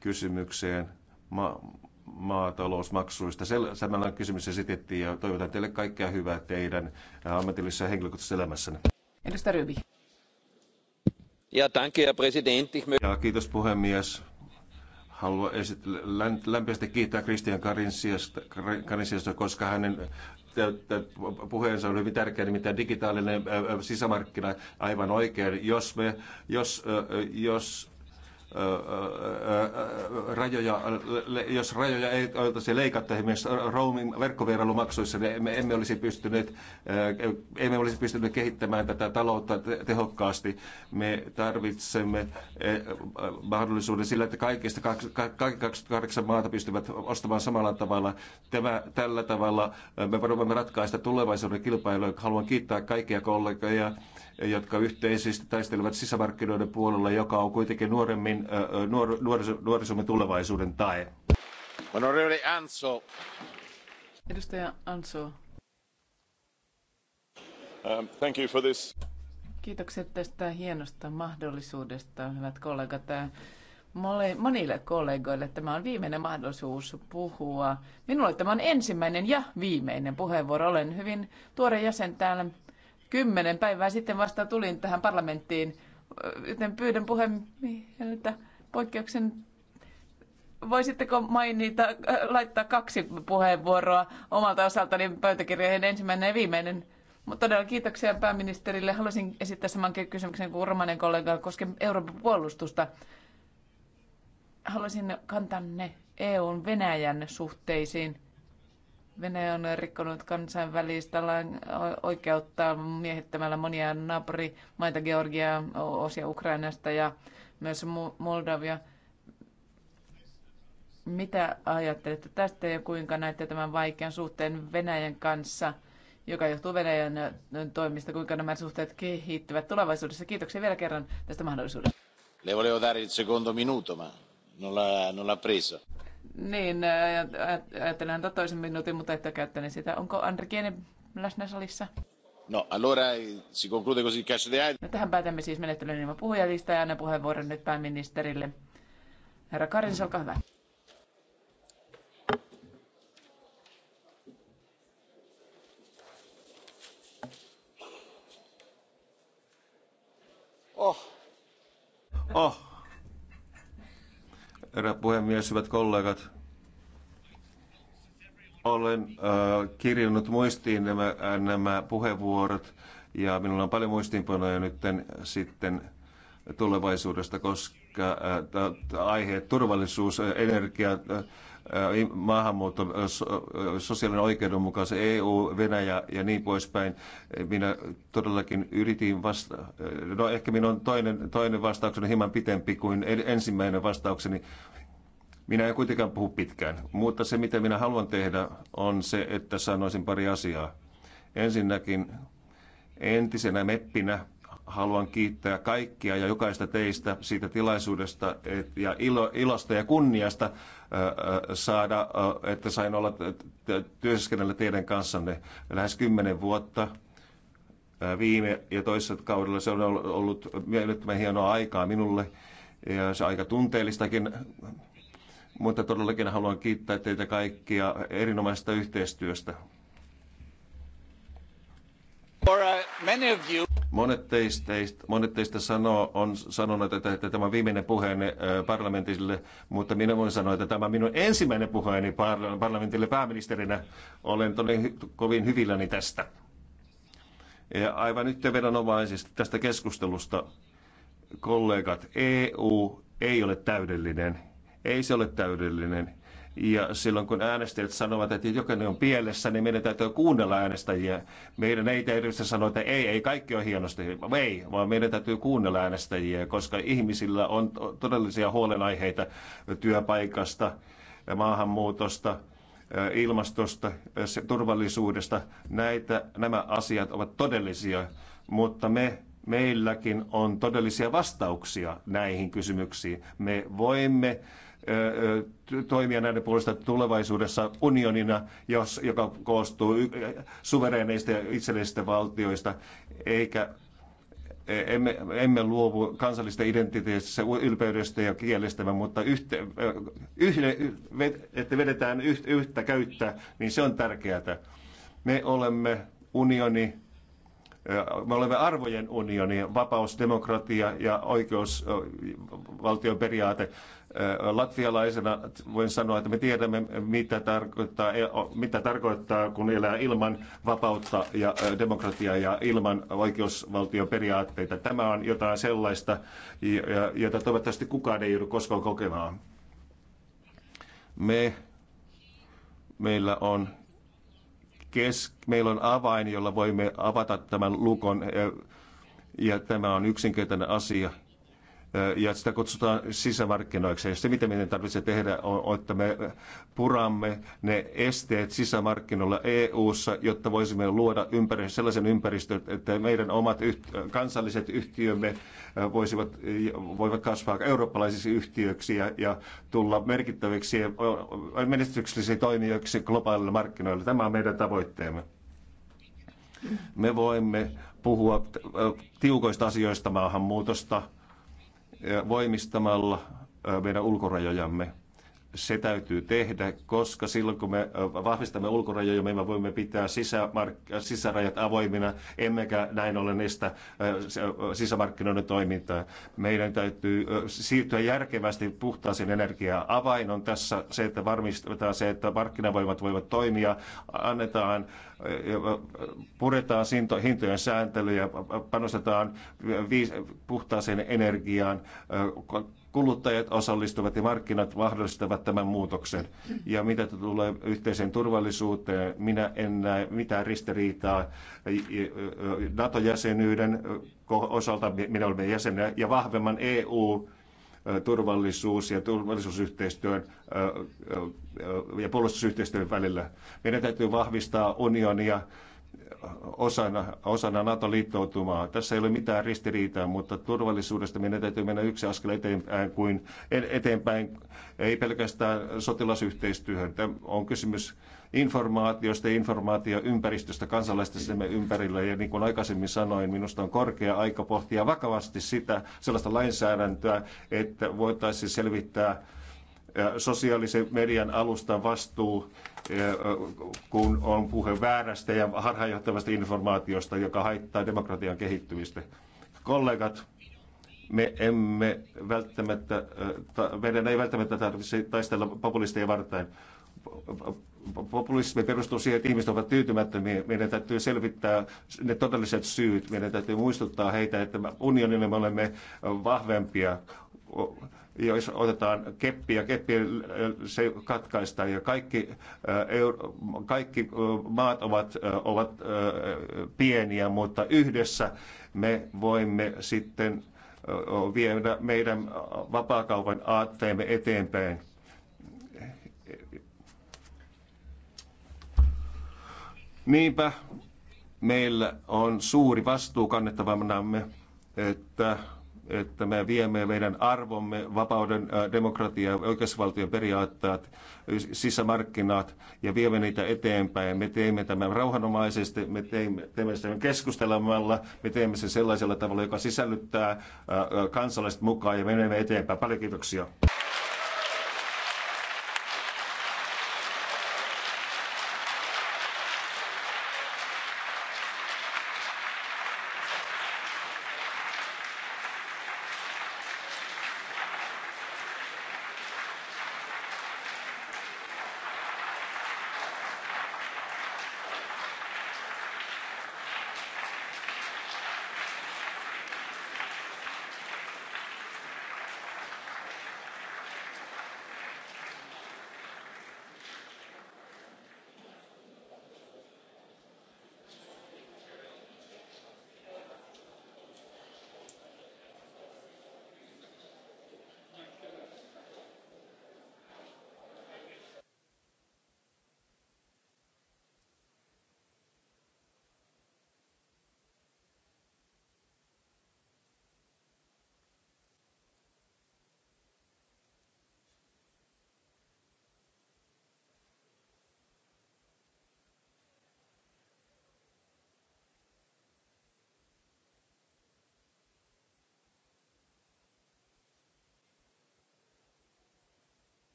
kysymykseen ma- maatalousmaksuista. Samalla kysymys esitettiin ja toivotan teille kaikkea hyvää teidän äh, ammatillisessa henkilökohtaisessa elämässänne. Edustaja Ryby. Ja, danke, Herr Präsident. Ich ja, kiitos puhemies. Haluan esit- lämpimästi kiittää Christian Karinsiasta, koska hänen puheensa on hyvin tärkeä, nimittäin digitaalinen sisämarkkina aivan oikein. Jos, me, jos, jos rajoja, jos rajoja ei oltaisi leikattu esimerkiksi roaming verkkovierailumaksuissa, niin me emme olisi pystyneet, emme olisi pystyneet kehittämään tätä taloutta tehokkaasti. Me tarvitsemme mahdollisuuden sillä, että kaikista kaikki 28 maata pystyvät ostamaan samalla tavalla. Tämä, tällä tavalla me voimme ratkaista tulevaisuuden kilpailuja. Haluan kiittää kaikkia kollegoja jotka yhteisesti taistelevat sisämarkkinoiden puolella, joka on kuitenkin nuoremmin, nuor, nuoriso, nuorisomme tulevaisuuden tae. Honorable Anso. Edustaja Anso. Um, thank you for this. Kiitokset tästä hienosta mahdollisuudesta, hyvät kollegat. Äh, monille kollegoille tämä on viimeinen mahdollisuus puhua. Minulle tämä on ensimmäinen ja viimeinen puheenvuoro. Olen hyvin tuore jäsen täällä Kymmenen päivää sitten vasta tulin tähän parlamenttiin, joten pyydän puhemieheltä poikkeuksen voisitteko mainita, laittaa kaksi puheenvuoroa omalta osaltani pöytäkirjeen ensimmäinen ja viimeinen. Mutta todella kiitoksia pääministerille. Haluaisin esittää saman kysymyksen kuin romanen kollega koskien Euroopan puolustusta. Haluaisin kantaa ne EUn Venäjän suhteisiin. Venäjä on rikkonut kansainvälistä oikeutta miehittämällä monia naapurimaita, Georgiaa, osia Ukrainasta ja myös Moldavia. Mitä ajattelette tästä ja kuinka näette tämän vaikean suhteen Venäjän kanssa, joka johtuu Venäjän toimista, kuinka nämä suhteet kehittyvät tulevaisuudessa? Kiitoksia vielä kerran tästä mahdollisuudesta. Le volevo dare il secondo minuto, ma non l'ha preso. Niin, ajattelen antaa toisen minuutin, mutta ette käyttäne sitä. Onko Andri Kiene läsnä salissa? No, allora eh, si conclude così il cash the No, tähän päätämme siis menettelyn ilman puhujalista ja annan puheenvuoron nyt pääministerille. Herra Karins, olkaa hyvä. Oh. Oh herra puhemies, hyvät kollegat. Olen äh, kirjannut muistiin nämä, äh, nämä puheenvuorot ja minulla on paljon muistiinpanoja nyt sitten tulevaisuudesta, koska äh, aiheet turvallisuus, äh, energia, äh, maahanmuutto, sosiaalinen oikeudenmukaisuus, EU, Venäjä ja niin poispäin. Minä todellakin yritin vasta... No ehkä minun toinen, toinen vastaukseni hieman pitempi kuin ensimmäinen vastaukseni. Minä en kuitenkaan puhu pitkään, mutta se mitä minä haluan tehdä on se, että sanoisin pari asiaa. Ensinnäkin entisenä meppinä haluan kiittää kaikkia ja jokaista teistä siitä tilaisuudesta et, ja ilo, ilosta ja kunniasta saada, että sain olla työskennellä teidän kanssanne lähes kymmenen vuotta viime ja toisessa kaudella. Se on ollut mielettömän hienoa aikaa minulle ja se aika tunteellistakin, mutta todellakin haluan kiittää teitä kaikkia erinomaisesta yhteistyöstä. For, uh, many of you... Monet teistä, monet teistä sanoo, on sanonut, että, että tämä on viimeinen puheeni äh, parlamentille, mutta minä voin sanoa, että tämä on minun ensimmäinen puheeni parlamentille pääministerinä. Olen todella kovin hyvilläni tästä. Ja aivan yhteenvedonomaisesti tästä keskustelusta, kollegat, EU ei ole täydellinen. Ei se ole täydellinen ja silloin kun äänestäjät sanovat, että jokainen on pielessä, niin meidän täytyy kuunnella äänestäjiä. Meidän ei täytyy sanoa, että ei, ei kaikki on hienosti. Ei, vaan meidän täytyy kuunnella äänestäjiä, koska ihmisillä on todellisia huolenaiheita työpaikasta, maahanmuutosta, ilmastosta, turvallisuudesta. Näitä, nämä asiat ovat todellisia, mutta me meilläkin on todellisia vastauksia näihin kysymyksiin. Me voimme toimia näiden puolesta tulevaisuudessa unionina, jos, joka koostuu suvereineista ja itsenäisistä valtioista, eikä e, emme, emme luovu kansallista identiteetistä, ylpeydestä ja kielestämme, mutta yhte, yhde, että vedetään yhtä, käyttä, niin se on tärkeää. Me olemme unioni, me olemme arvojen unioni, vapaus, demokratia ja oikeusvaltion periaate. Latvialaisena voin sanoa, että me tiedämme, mitä tarkoittaa, e, mitä tarkoittaa kun elää ilman vapautta ja demokratiaa ja ilman oikeusvaltion periaatteita. Tämä on jotain sellaista, jota toivottavasti kukaan ei joudu koskaan kokemaan. Me, meillä on kes, meillä on avain, jolla voimme avata tämän lukon ja tämä on yksinkertainen asia ja sitä kutsutaan sisämarkkinoiksi. Ja se, mitä meidän tarvitsee tehdä, on, että me puramme ne esteet sisämarkkinoilla EU-ssa, jotta voisimme luoda ympäri, sellaisen ympäristön, että meidän omat yht- kansalliset yhtiömme voisivat, voivat kasvaa eurooppalaisiksi yhtiöksi ja, ja tulla merkittäviksi ja menestyksellisiksi toimijoiksi globaalilla markkinoilla. Tämä on meidän tavoitteemme. Me voimme puhua tiukoista asioista maahanmuutosta, voimistamalla meidän ulkorajojamme se täytyy tehdä, koska silloin kun me vahvistamme ulkorajoja, me voimme pitää sisämark- sisärajat avoimina, emmekä näin ole niistä sisämarkkinoiden toimintaa. Meidän täytyy siirtyä järkevästi puhtaaseen energiaan. Avain on tässä se, että varmistetaan se, että markkinavoimat voivat toimia, annetaan, puretaan hintojen sääntelyä, panostetaan puhtaaseen energiaan, kuluttajat osallistuvat ja markkinat mahdollistavat tämän muutoksen. Ja mitä tulee yhteiseen turvallisuuteen, minä en näe mitään ristiriitaa NATO-jäsenyyden osalta, minä olemme jäsenenä, ja vahvemman EU turvallisuus ja turvallisuusyhteistyön ja puolustusyhteistyön välillä. Meidän täytyy vahvistaa unionia osana, osana NATO-liittoutumaa. Tässä ei ole mitään ristiriitaa, mutta turvallisuudesta meidän täytyy mennä yksi askel eteenpäin, kuin, eteenpäin ei pelkästään sotilasyhteistyöhön. Tämä on kysymys informaatiosta ja informaatioympäristöstä kansalaistemme ympärillä. Ja niin kuin aikaisemmin sanoin, minusta on korkea aika pohtia vakavasti sitä sellaista lainsäädäntöä, että voitaisiin selvittää sosiaalisen median alustan vastuu, kun on puhe väärästä ja harhaanjohtavasta informaatiosta, joka haittaa demokratian kehittymistä. Kollegat, me emme välttämättä, meidän ei välttämättä tarvitse taistella populisteja varten. Populismi perustuu siihen, että ihmiset ovat tyytymättömiä. Meidän täytyy selvittää ne todelliset syyt. Meidän täytyy muistuttaa heitä, että unionille me olemme vahvempia jos otetaan keppi ja keppi se katkaistaan ja kaikki, kaikki maat ovat, ovat pieniä, mutta yhdessä me voimme sitten viedä meidän vapaakaupan aatteemme eteenpäin. Niinpä meillä on suuri vastuu kannettavanamme, että että me viemme meidän arvomme, vapauden, demokratia, oikeusvaltion periaatteet, sisämarkkinat ja viemme niitä eteenpäin. Me teemme tämän rauhanomaisesti, me teemme, teemme sen keskustelemalla, me teemme sen sellaisella tavalla, joka sisällyttää kansalaiset mukaan ja menemme eteenpäin. Paljon kiitoksia.